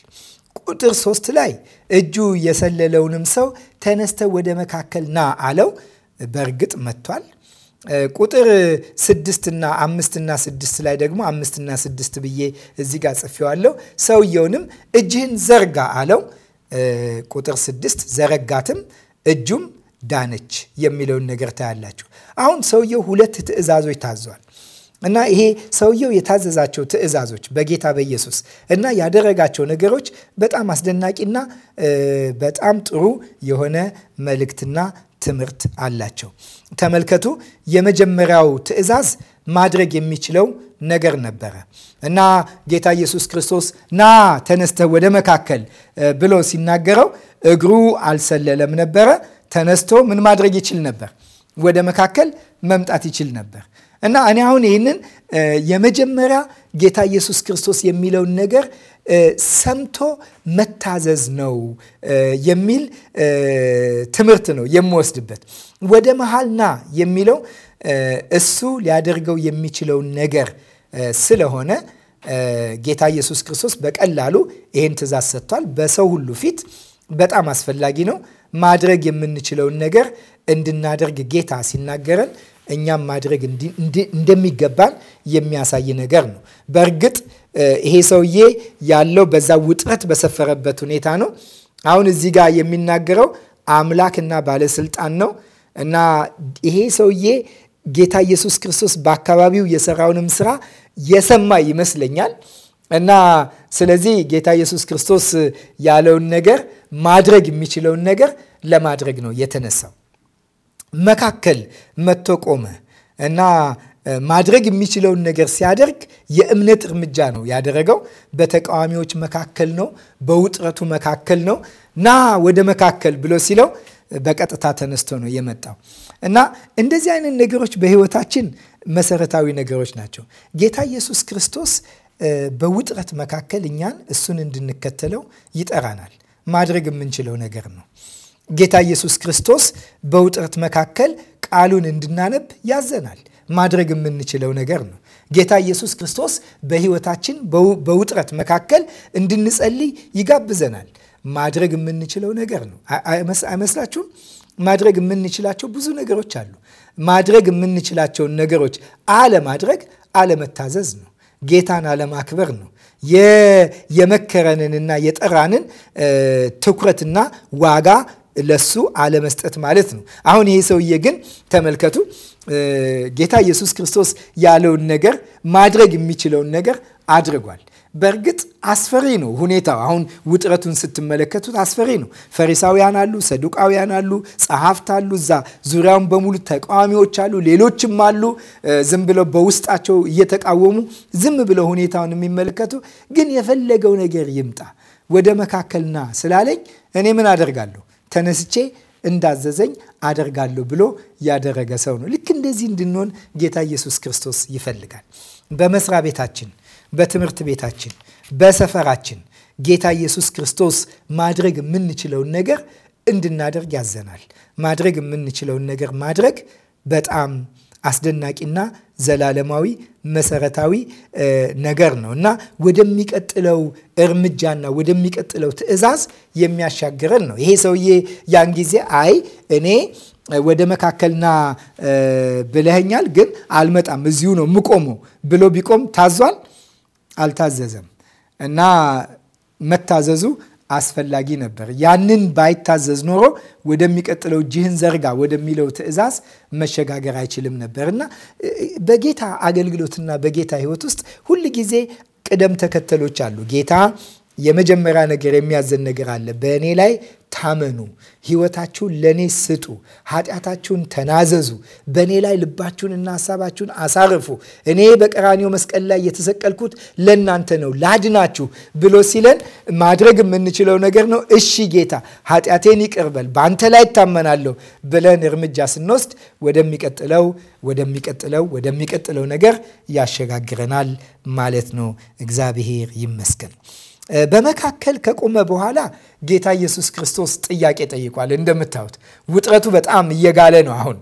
ቁጥር ሶስት ላይ እጁ የሰለለውንም ሰው ተነስተ ወደ መካከል ና አለው። በእርግጥ መጥቷል። ቁጥር ስድስትና አምስትና ስድስት ላይ ደግሞ አምስትና ስድስት ብዬ እዚህ ጋር ጽፌዋለሁ። ሰውየውንም እጅህን ዘርጋ አለው። ቁጥር ስድስት ዘረጋትም እጁም ዳነች የሚለውን ነገር ታያላችሁ። አሁን ሰውየው ሁለት ትዕዛዞች ታዟል እና ይሄ ሰውየው የታዘዛቸው ትዕዛዞች በጌታ በኢየሱስ እና ያደረጋቸው ነገሮች በጣም አስደናቂና በጣም ጥሩ የሆነ መልእክትና ትምህርት አላቸው። ተመልከቱ፣ የመጀመሪያው ትእዛዝ ማድረግ የሚችለው ነገር ነበረ እና ጌታ ኢየሱስ ክርስቶስ ና ተነስተ ወደ መካከል ብሎ ሲናገረው እግሩ አልሰለለም ነበረ። ተነስቶ ምን ማድረግ ይችል ነበር? ወደ መካከል መምጣት ይችል ነበር። እና እኔ አሁን ይህንን የመጀመሪያ ጌታ ኢየሱስ ክርስቶስ የሚለውን ነገር ሰምቶ መታዘዝ ነው የሚል ትምህርት ነው የምወስድበት። ወደ መሃል ና የሚለው እሱ ሊያደርገው የሚችለውን ነገር ስለሆነ ጌታ ኢየሱስ ክርስቶስ በቀላሉ ይህን ትእዛዝ ሰጥቷል። በሰው ሁሉ ፊት በጣም አስፈላጊ ነው። ማድረግ የምንችለውን ነገር እንድናደርግ ጌታ ሲናገረን እኛም ማድረግ እንደሚገባን የሚያሳይ ነገር ነው። በእርግጥ ይሄ ሰውዬ ያለው በዛ ውጥረት በሰፈረበት ሁኔታ ነው። አሁን እዚህ ጋር የሚናገረው አምላክና ባለስልጣን ነው እና ይሄ ሰውዬ ጌታ ኢየሱስ ክርስቶስ በአካባቢው የሰራውንም ስራ የሰማ ይመስለኛል እና ስለዚህ ጌታ ኢየሱስ ክርስቶስ ያለውን ነገር ማድረግ የሚችለውን ነገር ለማድረግ ነው የተነሳው። መካከል መጥቶ ቆመ እና ማድረግ የሚችለውን ነገር ሲያደርግ የእምነት እርምጃ ነው ያደረገው። በተቃዋሚዎች መካከል ነው፣ በውጥረቱ መካከል ነው። ና ወደ መካከል ብሎ ሲለው በቀጥታ ተነስቶ ነው የመጣው እና እንደዚህ አይነት ነገሮች በህይወታችን መሰረታዊ ነገሮች ናቸው። ጌታ ኢየሱስ ክርስቶስ በውጥረት መካከል እኛን እሱን እንድንከተለው ይጠራናል። ማድረግ የምንችለው ነገር ነው። ጌታ ኢየሱስ ክርስቶስ በውጥረት መካከል ቃሉን እንድናነብ ያዘናል። ማድረግ የምንችለው ነገር ነው። ጌታ ኢየሱስ ክርስቶስ በሕይወታችን በውጥረት መካከል እንድንጸልይ ይጋብዘናል። ማድረግ የምንችለው ነገር ነው። አይመስላችሁም? ማድረግ የምንችላቸው ብዙ ነገሮች አሉ። ማድረግ የምንችላቸውን ነገሮች አለማድረግ አለመታዘዝ ነው። ጌታን አለማክበር ነው። የመከረንንና የጠራንን ትኩረትና ዋጋ ለሱ አለመስጠት ማለት ነው። አሁን ይሄ ሰውዬ ግን ተመልከቱ ጌታ ኢየሱስ ክርስቶስ ያለውን ነገር ማድረግ የሚችለውን ነገር አድርጓል። በእርግጥ አስፈሪ ነው ሁኔታው። አሁን ውጥረቱን ስትመለከቱት አስፈሪ ነው። ፈሪሳውያን አሉ፣ ሰዱቃውያን አሉ፣ ጸሐፍት አሉ፣ እዛ ዙሪያውን በሙሉ ተቃዋሚዎች አሉ፣ ሌሎችም አሉ። ዝም ብለው በውስጣቸው እየተቃወሙ ዝም ብለው ሁኔታውን የሚመለከቱ ግን የፈለገው ነገር ይምጣ ወደ መካከልና ስላለኝ እኔ ምን አደርጋለሁ? ተነስቼ እንዳዘዘኝ አደርጋለሁ ብሎ ያደረገ ሰው ነው። ልክ እንደዚህ እንድንሆን ጌታ ኢየሱስ ክርስቶስ ይፈልጋል። በመስሪያ ቤታችን፣ በትምህርት ቤታችን፣ በሰፈራችን ጌታ ኢየሱስ ክርስቶስ ማድረግ የምንችለውን ነገር እንድናደርግ ያዘናል። ማድረግ የምንችለውን ነገር ማድረግ በጣም አስደናቂና ዘላለማዊ መሰረታዊ ነገር ነው እና ወደሚቀጥለው እርምጃና ወደሚቀጥለው ትዕዛዝ የሚያሻግረን ነው። ይሄ ሰውዬ ያን ጊዜ አይ እኔ ወደ መካከልና ብለኸኛል፣ ግን አልመጣም፣ እዚሁ ነው የምቆመው ብሎ ቢቆም ታዟል። አልታዘዘም እና መታዘዙ አስፈላጊ ነበር። ያንን ባይታዘዝ ኖሮ ወደሚቀጥለው እጅህን ዘርጋ ወደሚለው ትዕዛዝ መሸጋገር አይችልም ነበር እና በጌታ አገልግሎትና በጌታ ሕይወት ውስጥ ሁል ጊዜ ቅደም ተከተሎች አሉ። ጌታ የመጀመሪያ ነገር የሚያዘን ነገር አለ። በእኔ ላይ ታመኑ፣ ህይወታችሁን ለእኔ ስጡ፣ ኃጢአታችሁን ተናዘዙ፣ በእኔ ላይ ልባችሁንና ሀሳባችሁን አሳርፉ። እኔ በቀራኒው መስቀል ላይ የተሰቀልኩት ለእናንተ ነው፣ ላድናችሁ ብሎ ሲለን ማድረግ የምንችለው ነገር ነው። እሺ ጌታ ኃጢአቴን ይቅርበል፣ በአንተ ላይ እታመናለሁ ብለን እርምጃ ስንወስድ ወደሚቀጥለው ወደሚቀጥለው ወደሚቀጥለው ነገር ያሸጋግረናል ማለት ነው። እግዚአብሔር ይመስገን። በመካከል ከቆመ በኋላ ጌታ ኢየሱስ ክርስቶስ ጥያቄ ጠይቋል። እንደምታዩት ውጥረቱ በጣም እየጋለ ነው። አሁን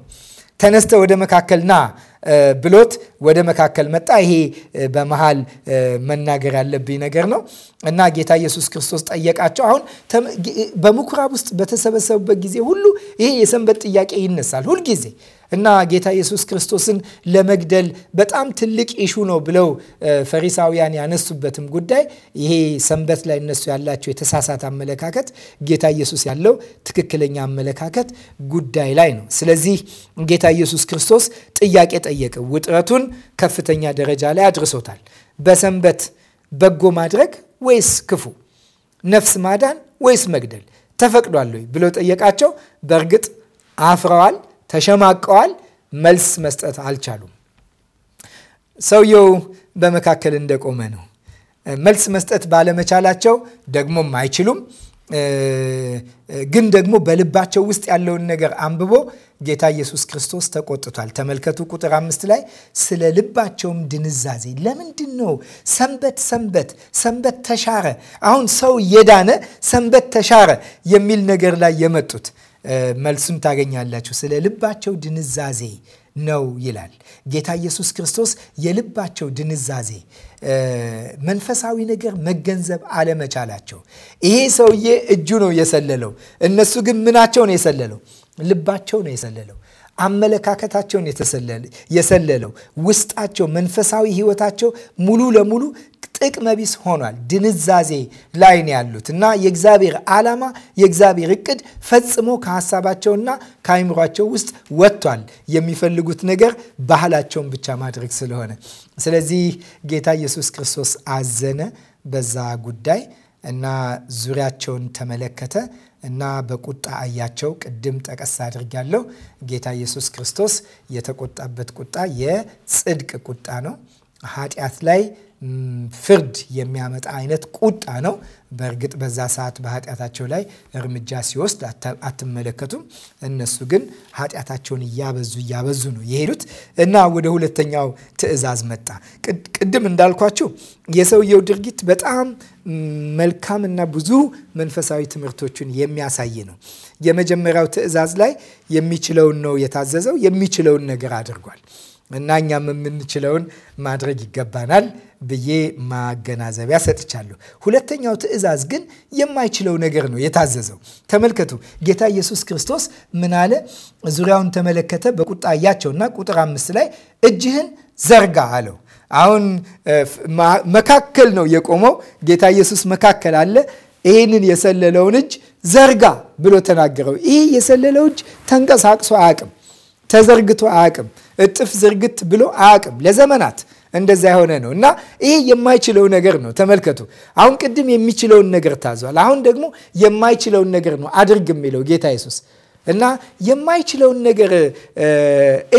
ተነስተ ወደ መካከል ና ብሎት ወደ መካከል መጣ። ይሄ በመሃል መናገር ያለብኝ ነገር ነው እና ጌታ ኢየሱስ ክርስቶስ ጠየቃቸው። አሁን በምኩራብ ውስጥ በተሰበሰቡበት ጊዜ ሁሉ ይሄ የሰንበት ጥያቄ ይነሳል ሁልጊዜ እና ጌታ ኢየሱስ ክርስቶስን ለመግደል በጣም ትልቅ ኢሹ ነው ብለው ፈሪሳውያን ያነሱበትም ጉዳይ ይሄ ሰንበት ላይ እነሱ ያላቸው የተሳሳተ አመለካከት ጌታ ኢየሱስ ያለው ትክክለኛ አመለካከት ጉዳይ ላይ ነው። ስለዚህ ጌታ ኢየሱስ ክርስቶስ ጥያቄ ጠየቀ። ውጥረቱን ከፍተኛ ደረጃ ላይ አድርሶታል። በሰንበት በጎ ማድረግ ወይስ ክፉ፣ ነፍስ ማዳን ወይስ መግደል ተፈቅዷል ወይ ብሎ ጠየቃቸው። በእርግጥ አፍረዋል። ተሸማቀዋል። መልስ መስጠት አልቻሉም። ሰውየው በመካከል እንደቆመ ነው። መልስ መስጠት ባለመቻላቸው ደግሞም አይችሉም። ግን ደግሞ በልባቸው ውስጥ ያለውን ነገር አንብቦ ጌታ ኢየሱስ ክርስቶስ ተቆጥቷል። ተመልከቱ ቁጥር አምስት ላይ ስለ ልባቸውም ድንዛዜ ለምንድን ነው ሰንበት ሰንበት ሰንበት ተሻረ፣ አሁን ሰው እየዳነ ሰንበት ተሻረ የሚል ነገር ላይ የመጡት መልሱን ታገኛላችሁ። ስለ ልባቸው ድንዛዜ ነው ይላል ጌታ ኢየሱስ ክርስቶስ። የልባቸው ድንዛዜ መንፈሳዊ ነገር መገንዘብ አለመቻላቸው። ይሄ ሰውዬ እጁ ነው የሰለለው፣ እነሱ ግን ምናቸው ነው የሰለለው? ልባቸው ነው የሰለለው። አመለካከታቸውን የሰለለው ውስጣቸው፣ መንፈሳዊ ህይወታቸው ሙሉ ለሙሉ ጥቅመቢስ ሆኗል። ድንዛዜ ላይ ነው ያሉት እና የእግዚአብሔር ዓላማ የእግዚአብሔር እቅድ ፈጽሞ ከሀሳባቸውና ከአይምሯቸው ውስጥ ወጥቷል። የሚፈልጉት ነገር ባህላቸውን ብቻ ማድረግ ስለሆነ፣ ስለዚህ ጌታ ኢየሱስ ክርስቶስ አዘነ በዛ ጉዳይ እና ዙሪያቸውን ተመለከተ እና በቁጣ አያቸው። ቅድም ጠቀስ አድርጋለሁ። ጌታ ኢየሱስ ክርስቶስ የተቆጣበት ቁጣ የጽድቅ ቁጣ ነው። ኃጢአት ላይ ፍርድ የሚያመጣ አይነት ቁጣ ነው። በእርግጥ በዛ ሰዓት በኃጢአታቸው ላይ እርምጃ ሲወስድ አትመለከቱም። እነሱ ግን ኃጢአታቸውን እያበዙ እያበዙ ነው የሄዱት እና ወደ ሁለተኛው ትእዛዝ መጣ። ቅድም እንዳልኳችሁ የሰውየው ድርጊት በጣም መልካም እና ብዙ መንፈሳዊ ትምህርቶችን የሚያሳይ ነው። የመጀመሪያው ትእዛዝ ላይ የሚችለውን ነው የታዘዘው። የሚችለውን ነገር አድርጓል። እና እኛም የምንችለውን ማድረግ ይገባናል ብዬ ማገናዘቢያ ሰጥቻለሁ። ሁለተኛው ትእዛዝ ግን የማይችለው ነገር ነው የታዘዘው። ተመልከቱ፣ ጌታ ኢየሱስ ክርስቶስ ምን አለ? ዙሪያውን ተመለከተ፣ በቁጣ እያቸውና ቁጥር አምስት ላይ እጅህን ዘርጋ አለው። አሁን መካከል ነው የቆመው ጌታ ኢየሱስ መካከል አለ። ይህንን የሰለለውን እጅ ዘርጋ ብሎ ተናገረው። ይህ የሰለለው እጅ ተንቀሳቅሶ አያቅም፣ ተዘርግቶ አያቅም። እጥፍ ዝርግት ብሎ አያውቅም። ለዘመናት እንደዛ የሆነ ነው እና ይሄ የማይችለው ነገር ነው። ተመልከቱ። አሁን ቅድም የሚችለውን ነገር ታዟል። አሁን ደግሞ የማይችለውን ነገር ነው አድርግ የሚለው ጌታ ኢየሱስ እና የማይችለውን ነገር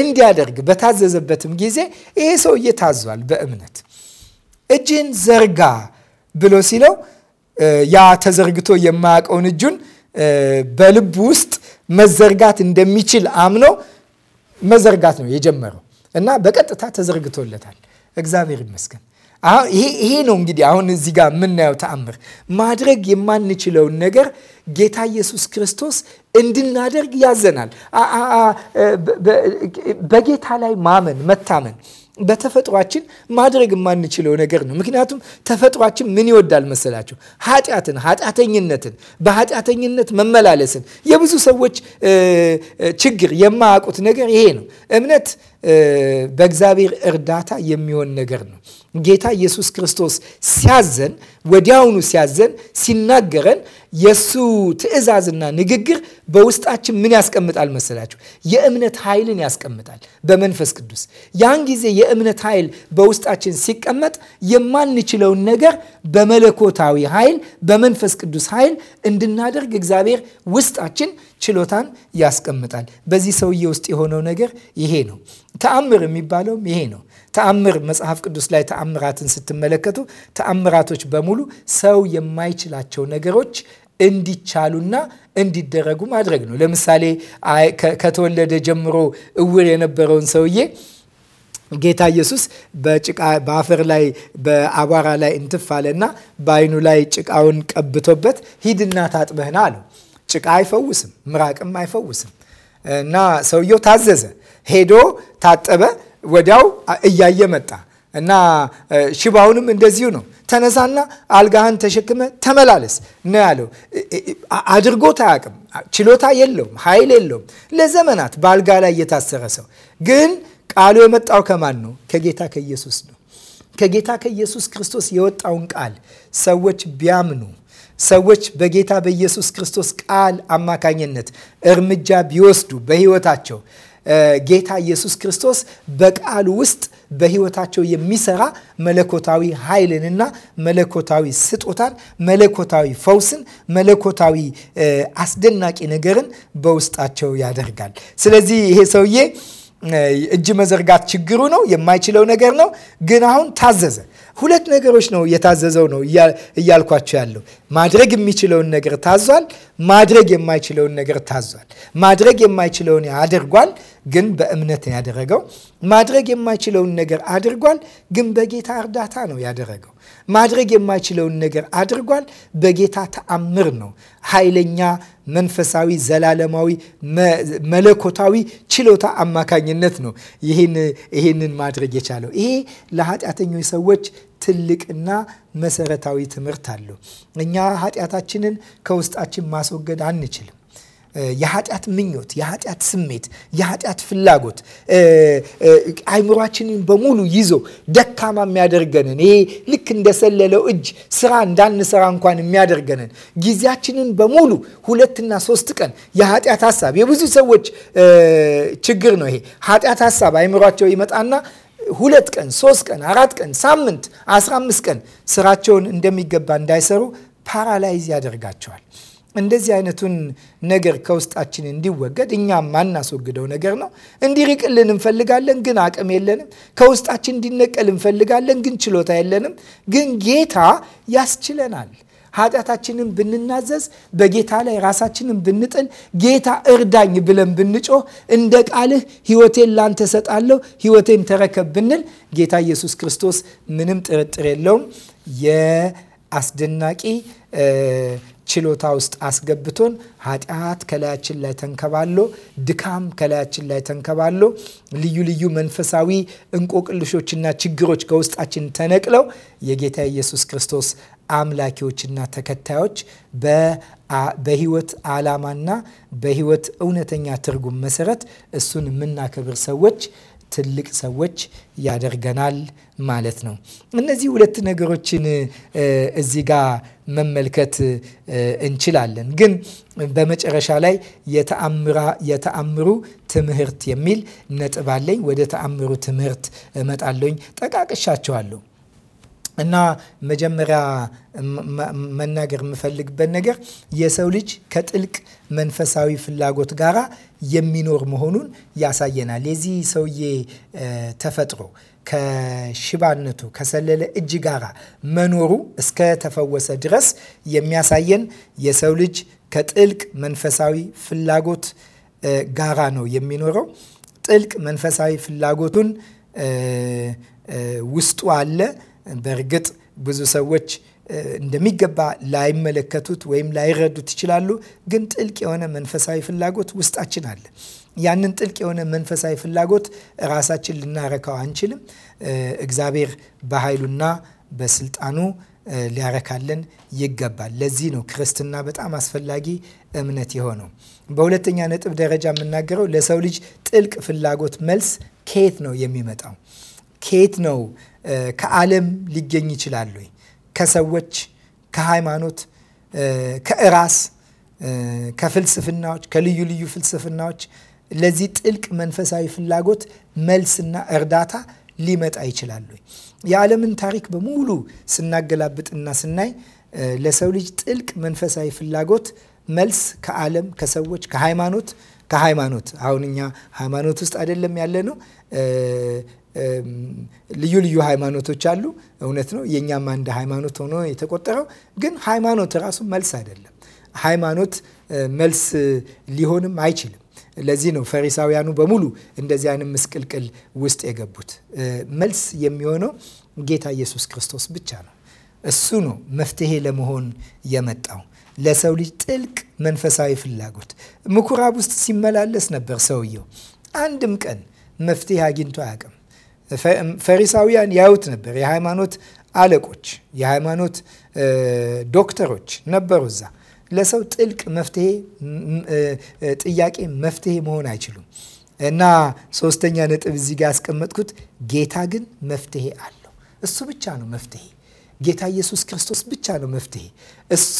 እንዲያደርግ በታዘዘበትም ጊዜ ይሄ ሰውዬ ታዟል። በእምነት እጅን ዘርጋ ብሎ ሲለው ያ ተዘርግቶ የማያውቀውን እጁን በልቡ ውስጥ መዘርጋት እንደሚችል አምኖ መዘርጋት ነው የጀመረው እና በቀጥታ ተዘርግቶለታል። እግዚአብሔር ይመስገን። ይሄ ነው እንግዲህ አሁን እዚህ ጋር የምናየው ተአምር። ማድረግ የማንችለውን ነገር ጌታ ኢየሱስ ክርስቶስ እንድናደርግ ያዘናል። በጌታ ላይ ማመን መታመን በተፈጥሯችን ማድረግ የማንችለው ነገር ነው። ምክንያቱም ተፈጥሯችን ምን ይወዳል መሰላችሁ? ኃጢአትን፣ ኃጢአተኝነትን፣ በኃጢአተኝነት መመላለስን። የብዙ ሰዎች ችግር የማያውቁት ነገር ይሄ ነው። እምነት በእግዚአብሔር እርዳታ የሚሆን ነገር ነው። ጌታ ኢየሱስ ክርስቶስ ሲያዘን፣ ወዲያውኑ ሲያዘን፣ ሲናገረን የእሱ ትእዛዝና ንግግር በውስጣችን ምን ያስቀምጣል መሰላችሁ? የእምነት ኃይልን ያስቀምጣል በመንፈስ ቅዱስ። ያን ጊዜ የእምነት ኃይል በውስጣችን ሲቀመጥ የማንችለውን ነገር በመለኮታዊ ኃይል፣ በመንፈስ ቅዱስ ኃይል እንድናደርግ እግዚአብሔር ውስጣችን ችሎታን ያስቀምጣል። በዚህ ሰውዬ ውስጥ የሆነው ነገር ይሄ ነው። ተአምር የሚባለውም ይሄ ነው። ተአምር መጽሐፍ ቅዱስ ላይ ተአምራትን ስትመለከቱ ተአምራቶች በሙሉ ሰው የማይችላቸው ነገሮች እንዲቻሉና እንዲደረጉ ማድረግ ነው። ለምሳሌ ከተወለደ ጀምሮ እውር የነበረውን ሰውዬ ጌታ ኢየሱስ በጭቃ በአፈር ላይ በአቧራ ላይ እንትፍ አለና በአይኑ ላይ ጭቃውን ቀብቶበት ሂድና ታጥበህና አለው። ጭቃ አይፈውስም፣ ምራቅም አይፈውስም። እና ሰውየው ታዘዘ፣ ሄዶ ታጠበ። ወዲያው እያየ መጣ እና ሽባውንም እንደዚሁ ነው። ተነሳና አልጋህን ተሸክመ ተመላለስ ነው ያለው። አድርጎት አያውቅም። ችሎታ የለውም፣ ኃይል የለውም። ለዘመናት በአልጋ ላይ እየታሰረ ሰው ግን ቃሉ የመጣው ከማን ነው? ከጌታ ከኢየሱስ ነው። ከጌታ ከኢየሱስ ክርስቶስ የወጣውን ቃል ሰዎች ቢያምኑ ሰዎች በጌታ በኢየሱስ ክርስቶስ ቃል አማካኝነት እርምጃ ቢወስዱ በሕይወታቸው ጌታ ኢየሱስ ክርስቶስ በቃሉ ውስጥ በህይወታቸው የሚሰራ መለኮታዊ ኃይልንና መለኮታዊ ስጦታን፣ መለኮታዊ ፈውስን፣ መለኮታዊ አስደናቂ ነገርን በውስጣቸው ያደርጋል። ስለዚህ ይሄ ሰውዬ እጅ መዘርጋት ችግሩ ነው፣ የማይችለው ነገር ነው። ግን አሁን ታዘዘ። ሁለት ነገሮች ነው የታዘዘው ነው እያልኳቸው ያለው ማድረግ የሚችለውን ነገር ታዟል። ማድረግ የማይችለውን ነገር ታዟል። ማድረግ የማይችለውን አድርጓል፣ ግን በእምነት ያደረገው። ማድረግ የማይችለውን ነገር አድርጓል፣ ግን በጌታ እርዳታ ነው ያደረገው። ማድረግ የማይችለውን ነገር አድርጓል፣ በጌታ ተአምር ነው ኃይለኛ መንፈሳዊ ዘላለማዊ መለኮታዊ ችሎታ አማካኝነት ነው ይህንን ማድረግ የቻለው። ይሄ ለኃጢአተኞች ሰዎች ትልቅና መሰረታዊ ትምህርት አለው። እኛ ኃጢአታችንን ከውስጣችን ማስወገድ አንችልም። የኃጢአት ምኞት፣ የኃጢአት ስሜት፣ የኃጢአት ፍላጎት አይምሯችንን በሙሉ ይዞ ደካማ የሚያደርገንን ይሄ ልክ እንደሰለለው እጅ ስራ እንዳንሰራ እንኳን የሚያደርገንን ጊዜያችንን በሙሉ ሁለትና ሶስት ቀን የኃጢአት ሀሳብ የብዙ ሰዎች ችግር ነው። ይሄ ኃጢአት ሀሳብ አይምሯቸው ይመጣና ሁለት ቀን፣ ሶስት ቀን፣ አራት ቀን፣ ሳምንት፣ አስራ አምስት ቀን ስራቸውን እንደሚገባ እንዳይሰሩ ፓራላይዝ ያደርጋቸዋል። እንደዚህ አይነቱን ነገር ከውስጣችን እንዲወገድ እኛም ማናስወግደው ነገር ነው። እንዲርቅልን እንፈልጋለን፣ ግን አቅም የለንም። ከውስጣችን እንዲነቀል እንፈልጋለን፣ ግን ችሎታ የለንም። ግን ጌታ ያስችለናል። ኃጢአታችንን ብንናዘዝ፣ በጌታ ላይ ራሳችንን ብንጥል፣ ጌታ እርዳኝ ብለን ብንጮህ፣ እንደ ቃልህ ሕይወቴን ላንተ ሰጣለሁ ሕይወቴን ተረከብ ብንል ጌታ ኢየሱስ ክርስቶስ ምንም ጥርጥር የለውም የአስደናቂ ችሎታ ውስጥ አስገብቶን ኃጢአት ከላያችን ላይ ተንከባሎ፣ ድካም ከላያችን ላይ ተንከባሎ፣ ልዩ ልዩ መንፈሳዊ እንቆቅልሾችና ችግሮች ከውስጣችን ተነቅለው የጌታ ኢየሱስ ክርስቶስ አምላኪዎችና ተከታዮች በህይወት ዓላማና በህይወት እውነተኛ ትርጉም መሰረት እሱን የምናከብር ሰዎች ትልቅ ሰዎች ያደርገናል ማለት ነው። እነዚህ ሁለት ነገሮችን እዚህ ጋር መመልከት እንችላለን። ግን በመጨረሻ ላይ የተአምሩ ትምህርት የሚል ነጥብ አለኝ። ወደ ተአምሩ ትምህርት እመጣለኝ። ጠቃቅሻቸዋለሁ። እና መጀመሪያ መናገር የምፈልግበት ነገር የሰው ልጅ ከጥልቅ መንፈሳዊ ፍላጎት ጋር የሚኖር መሆኑን ያሳየናል። የዚህ ሰውዬ ተፈጥሮ ከሽባነቱ ከሰለለ እጅ ጋር መኖሩ እስከ ተፈወሰ ድረስ የሚያሳየን የሰው ልጅ ከጥልቅ መንፈሳዊ ፍላጎት ጋራ ነው የሚኖረው። ጥልቅ መንፈሳዊ ፍላጎቱን ውስጡ አለ። በእርግጥ ብዙ ሰዎች እንደሚገባ ላይመለከቱት ወይም ላይረዱት ይችላሉ። ግን ጥልቅ የሆነ መንፈሳዊ ፍላጎት ውስጣችን አለ። ያንን ጥልቅ የሆነ መንፈሳዊ ፍላጎት ራሳችን ልናረካው አንችልም። እግዚአብሔር በኃይሉና በስልጣኑ ሊያረካለን ይገባል። ለዚህ ነው ክርስትና በጣም አስፈላጊ እምነት የሆነው። በሁለተኛ ነጥብ ደረጃ የምናገረው ለሰው ልጅ ጥልቅ ፍላጎት መልስ ከየት ነው የሚመጣው? ከየት ነው ከዓለም ሊገኝ ይችላል ወይ? ከሰዎች፣ ከሃይማኖት፣ ከእራስ፣ ከፍልስፍናዎች፣ ከልዩ ልዩ ፍልስፍናዎች ለዚህ ጥልቅ መንፈሳዊ ፍላጎት መልስና እርዳታ ሊመጣ ይችላል ወይ? የዓለምን ታሪክ በሙሉ ስናገላብጥና ስናይ ለሰው ልጅ ጥልቅ መንፈሳዊ ፍላጎት መልስ ከዓለም፣ ከሰዎች፣ ከሃይማኖት ከሃይማኖት አሁን እኛ ሃይማኖት ውስጥ አይደለም ያለ ነው ልዩ ልዩ ሃይማኖቶች አሉ። እውነት ነው። የእኛም አንድ ሃይማኖት ሆኖ የተቆጠረው ግን ሃይማኖት ራሱ መልስ አይደለም። ሃይማኖት መልስ ሊሆንም አይችልም። ለዚህ ነው ፈሪሳውያኑ በሙሉ እንደዚህ አይነት ምስቅልቅል ውስጥ የገቡት። መልስ የሚሆነው ጌታ ኢየሱስ ክርስቶስ ብቻ ነው። እሱ ነው መፍትሄ ለመሆን የመጣው ለሰው ልጅ ጥልቅ መንፈሳዊ ፍላጎት። ምኩራብ ውስጥ ሲመላለስ ነበር ሰውየው። አንድም ቀን መፍትሄ አግኝቶ አያውቅም። ፈሪሳውያን ያዩት ነበር። የሃይማኖት አለቆች፣ የሃይማኖት ዶክተሮች ነበሩ እዛ። ለሰው ጥልቅ መፍትሄ ጥያቄ መፍትሄ መሆን አይችሉም። እና ሶስተኛ ነጥብ እዚህ ጋር ያስቀመጥኩት ጌታ ግን መፍትሄ አለው። እሱ ብቻ ነው መፍትሄ። ጌታ ኢየሱስ ክርስቶስ ብቻ ነው መፍትሄ። እሱ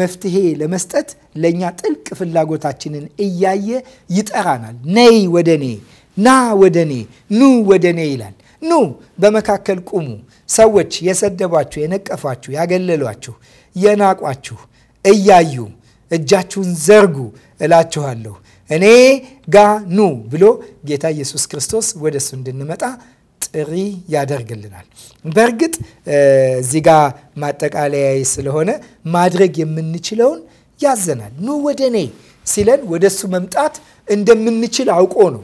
መፍትሄ ለመስጠት ለእኛ ጥልቅ ፍላጎታችንን እያየ ይጠራናል። ነይ ወደ እኔ ና ወደ እኔ ኑ ወደ እኔ ይላል። ኑ በመካከል ቁሙ። ሰዎች የሰደቧችሁ፣ የነቀፏችሁ፣ ያገለሏችሁ፣ የናቋችሁ እያዩ እጃችሁን ዘርጉ እላችኋለሁ እኔ ጋ ኑ ብሎ ጌታ ኢየሱስ ክርስቶስ ወደ እሱ እንድንመጣ ጥሪ ያደርግልናል። በእርግጥ እዚህ ጋ ማጠቃለያ ስለሆነ ማድረግ የምንችለውን ያዘናል። ኑ ወደ እኔ ሲለን ወደ እሱ መምጣት እንደምንችል አውቆ ነው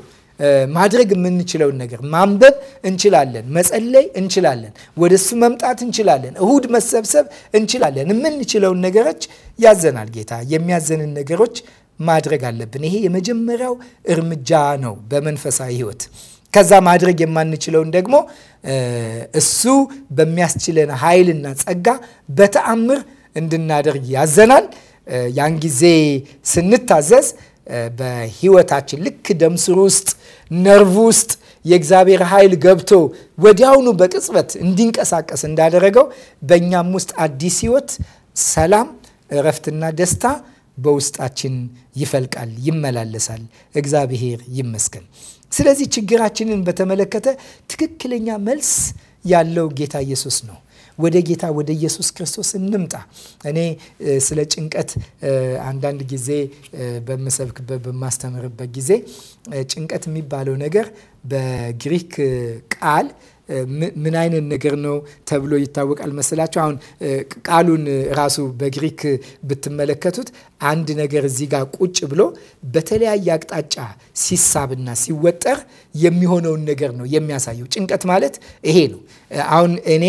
ማድረግ የምንችለውን ነገር ማንበብ እንችላለን፣ መጸለይ እንችላለን፣ ወደሱ መምጣት እንችላለን፣ እሁድ መሰብሰብ እንችላለን። የምንችለውን ነገሮች ያዘናል ጌታ። የሚያዘንን ነገሮች ማድረግ አለብን። ይሄ የመጀመሪያው እርምጃ ነው በመንፈሳዊ ህይወት ከዛ ማድረግ የማንችለውን ደግሞ እሱ በሚያስችለን ኃይልና ጸጋ በተአምር እንድናደርግ ያዘናል። ያን ጊዜ ስንታዘዝ በህይወታችን ልክ ደም ስር ውስጥ ነርቭ ውስጥ የእግዚአብሔር ኃይል ገብቶ ወዲያውኑ በቅጽበት እንዲንቀሳቀስ እንዳደረገው በእኛም ውስጥ አዲስ ህይወት፣ ሰላም፣ እረፍትና ደስታ በውስጣችን ይፈልቃል፣ ይመላለሳል። እግዚአብሔር ይመስገን። ስለዚህ ችግራችንን በተመለከተ ትክክለኛ መልስ ያለው ጌታ ኢየሱስ ነው። ወደ ጌታ ወደ ኢየሱስ ክርስቶስ እንምጣ። እኔ ስለ ጭንቀት አንዳንድ ጊዜ በምሰብክበት በማስተምርበት ጊዜ ጭንቀት የሚባለው ነገር በግሪክ ቃል ምን አይነት ነገር ነው ተብሎ ይታወቃል መሰላቸው? አሁን ቃሉን ራሱ በግሪክ ብትመለከቱት አንድ ነገር እዚህ ጋር ቁጭ ብሎ በተለያየ አቅጣጫ ሲሳብና ሲወጠር የሚሆነውን ነገር ነው የሚያሳየው። ጭንቀት ማለት ይሄ ነው። አሁን እኔ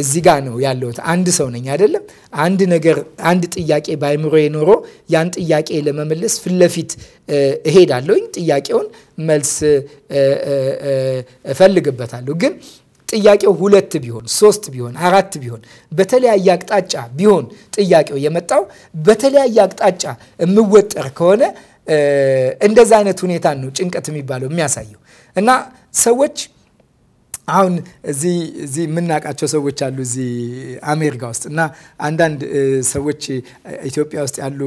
እዚህ ጋ ነው ያለሁት። አንድ ሰው ነኝ አይደለም። አንድ ነገር አንድ ጥያቄ ባይምሮ ኖሮ ያን ጥያቄ ለመመለስ ፊት ለፊት እሄዳለሁኝ። ጥያቄውን መልስ እፈልግበታለሁ። ግን ጥያቄው ሁለት ቢሆን ሶስት ቢሆን አራት ቢሆን በተለያየ አቅጣጫ ቢሆን ጥያቄው የመጣው በተለያየ አቅጣጫ የምወጠር ከሆነ እንደዛ አይነት ሁኔታ ነው ጭንቀት የሚባለው የሚያሳየው እና ሰዎች አሁን እዚህ እዚህ የምናውቃቸው ሰዎች አሉ እዚህ አሜሪካ ውስጥ እና አንዳንድ ሰዎች ኢትዮጵያ ውስጥ ያሉ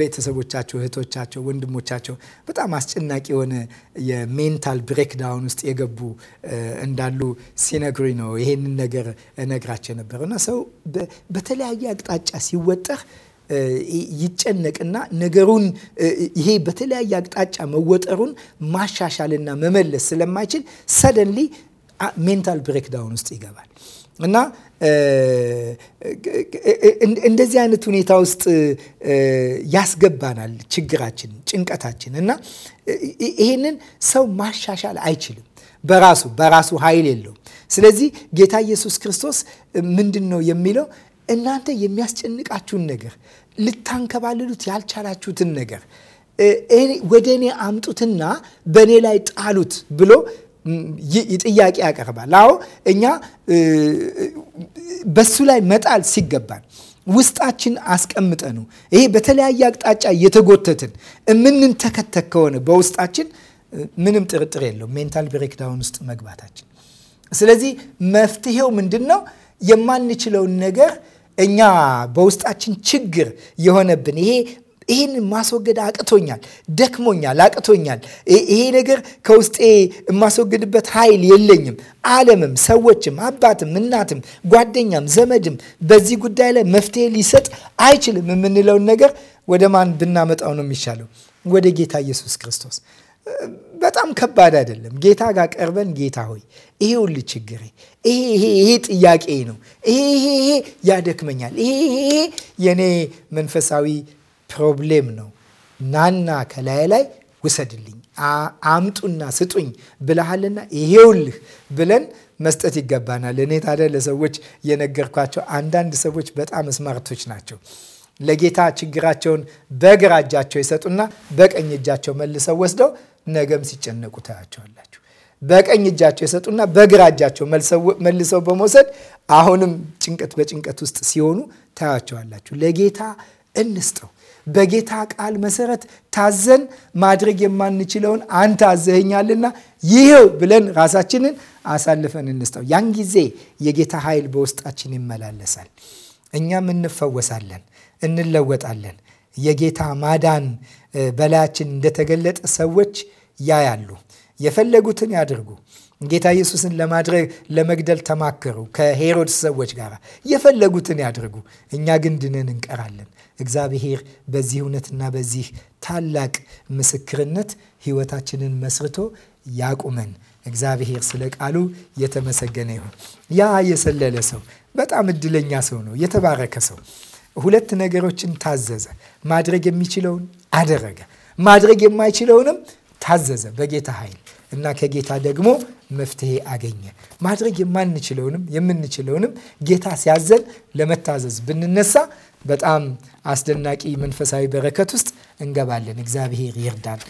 ቤተሰቦቻቸው፣ እህቶቻቸው፣ ወንድሞቻቸው በጣም አስጨናቂ የሆነ የሜንታል ብሬክዳውን ውስጥ የገቡ እንዳሉ ሲነግሩኝ ነው ይሄንን ነገር ነግራቸው የነበረው እና ሰው በተለያየ አቅጣጫ ሲወጠር ይጨነቅና ነገሩን ይሄ በተለያየ አቅጣጫ መወጠሩን ማሻሻልና መመለስ ስለማይችል ሰደንሊ ሜንታል ብሬክዳውን ውስጥ ይገባል እና እንደዚህ አይነት ሁኔታ ውስጥ ያስገባናል ችግራችን፣ ጭንቀታችን እና ይህንን ሰው ማሻሻል አይችልም በራሱ በራሱ ኃይል የለውም። ስለዚህ ጌታ ኢየሱስ ክርስቶስ ምንድን ነው የሚለው? እናንተ የሚያስጨንቃችሁን ነገር ልታንከባልሉት ያልቻላችሁትን ነገር ወደ እኔ አምጡትና በእኔ ላይ ጣሉት ብሎ ጥያቄ ያቀርባል። አዎ እኛ በሱ ላይ መጣል ሲገባን ውስጣችን አስቀምጠ ነው ይሄ በተለያየ አቅጣጫ እየተጎተትን የምንንተከተክ ከሆነ በውስጣችን ምንም ጥርጥር የለው ሜንታል ብሬክዳውን ውስጥ መግባታችን። ስለዚህ መፍትሄው ምንድን ነው? የማንችለውን ነገር እኛ በውስጣችን ችግር የሆነብን ይሄ ይህን ማስወገድ አቅቶኛል፣ ደክሞኛል፣ አቅቶኛል። ይሄ ነገር ከውስጤ የማስወገድበት ኃይል የለኝም። ዓለምም፣ ሰዎችም፣ አባትም፣ እናትም፣ ጓደኛም፣ ዘመድም በዚህ ጉዳይ ላይ መፍትሄ ሊሰጥ አይችልም የምንለውን ነገር ወደ ማን ብናመጣው ነው የሚሻለው? ወደ ጌታ ኢየሱስ ክርስቶስ። በጣም ከባድ አይደለም። ጌታ ጋር ቀርበን ጌታ ሆይ ይሄ ሁሉ ችግሬ፣ ይሄ ይሄ ጥያቄ ነው፣ ይሄ ይሄ ያደክመኛል፣ ይሄ ይሄ የእኔ መንፈሳዊ ፕሮብሌም ነው። ናና ከላይ ላይ ውሰድልኝ፣ አምጡና ስጡኝ ብለሃልና ይሄውልህ ብለን መስጠት ይገባናል። እኔ ታዲያ ለሰዎች የነገርኳቸው አንዳንድ ሰዎች በጣም ስማርቶች ናቸው። ለጌታ ችግራቸውን በግራ እጃቸው ይሰጡና በቀኝ እጃቸው መልሰው ወስደው ነገም ሲጨነቁ ታያቸዋላችሁ። በቀኝ እጃቸው የሰጡና በግራ እጃቸው መልሰው በመውሰድ አሁንም ጭንቀት በጭንቀት ውስጥ ሲሆኑ ታያቸዋላችሁ። ለጌታ እንስጠው። በጌታ ቃል መሰረት ታዘን ማድረግ የማንችለውን አንተ አዘኸኛልና ይኸው ብለን ራሳችንን አሳልፈን እንስጠው። ያን ጊዜ የጌታ ኃይል በውስጣችን ይመላለሳል። እኛም እንፈወሳለን፣ እንለወጣለን። የጌታ ማዳን በላያችን እንደተገለጠ ሰዎች ያያሉ። የፈለጉትን ያድርጉ ጌታ ኢየሱስን ለማድረግ ለመግደል ተማከሩ ከሄሮድስ ሰዎች ጋር። የፈለጉትን ያድርጉ፣ እኛ ግን ድነን እንቀራለን። እግዚአብሔር በዚህ እውነትና በዚህ ታላቅ ምስክርነት ህይወታችንን መስርቶ ያቁመን። እግዚአብሔር ስለ ቃሉ የተመሰገነ ይሁን። ያ የሰለለ ሰው በጣም እድለኛ ሰው ነው፣ የተባረከ ሰው። ሁለት ነገሮችን ታዘዘ። ማድረግ የሚችለውን አደረገ፣ ማድረግ የማይችለውንም ታዘዘ በጌታ ኃይል እና ከጌታ ደግሞ መፍትሄ አገኘ። ማድረግ የማንችለውንም የምንችለውንም ጌታ ሲያዘን ለመታዘዝ ብንነሳ በጣም አስደናቂ መንፈሳዊ በረከት ውስጥ እንገባለን። እግዚአብሔር ይርዳን።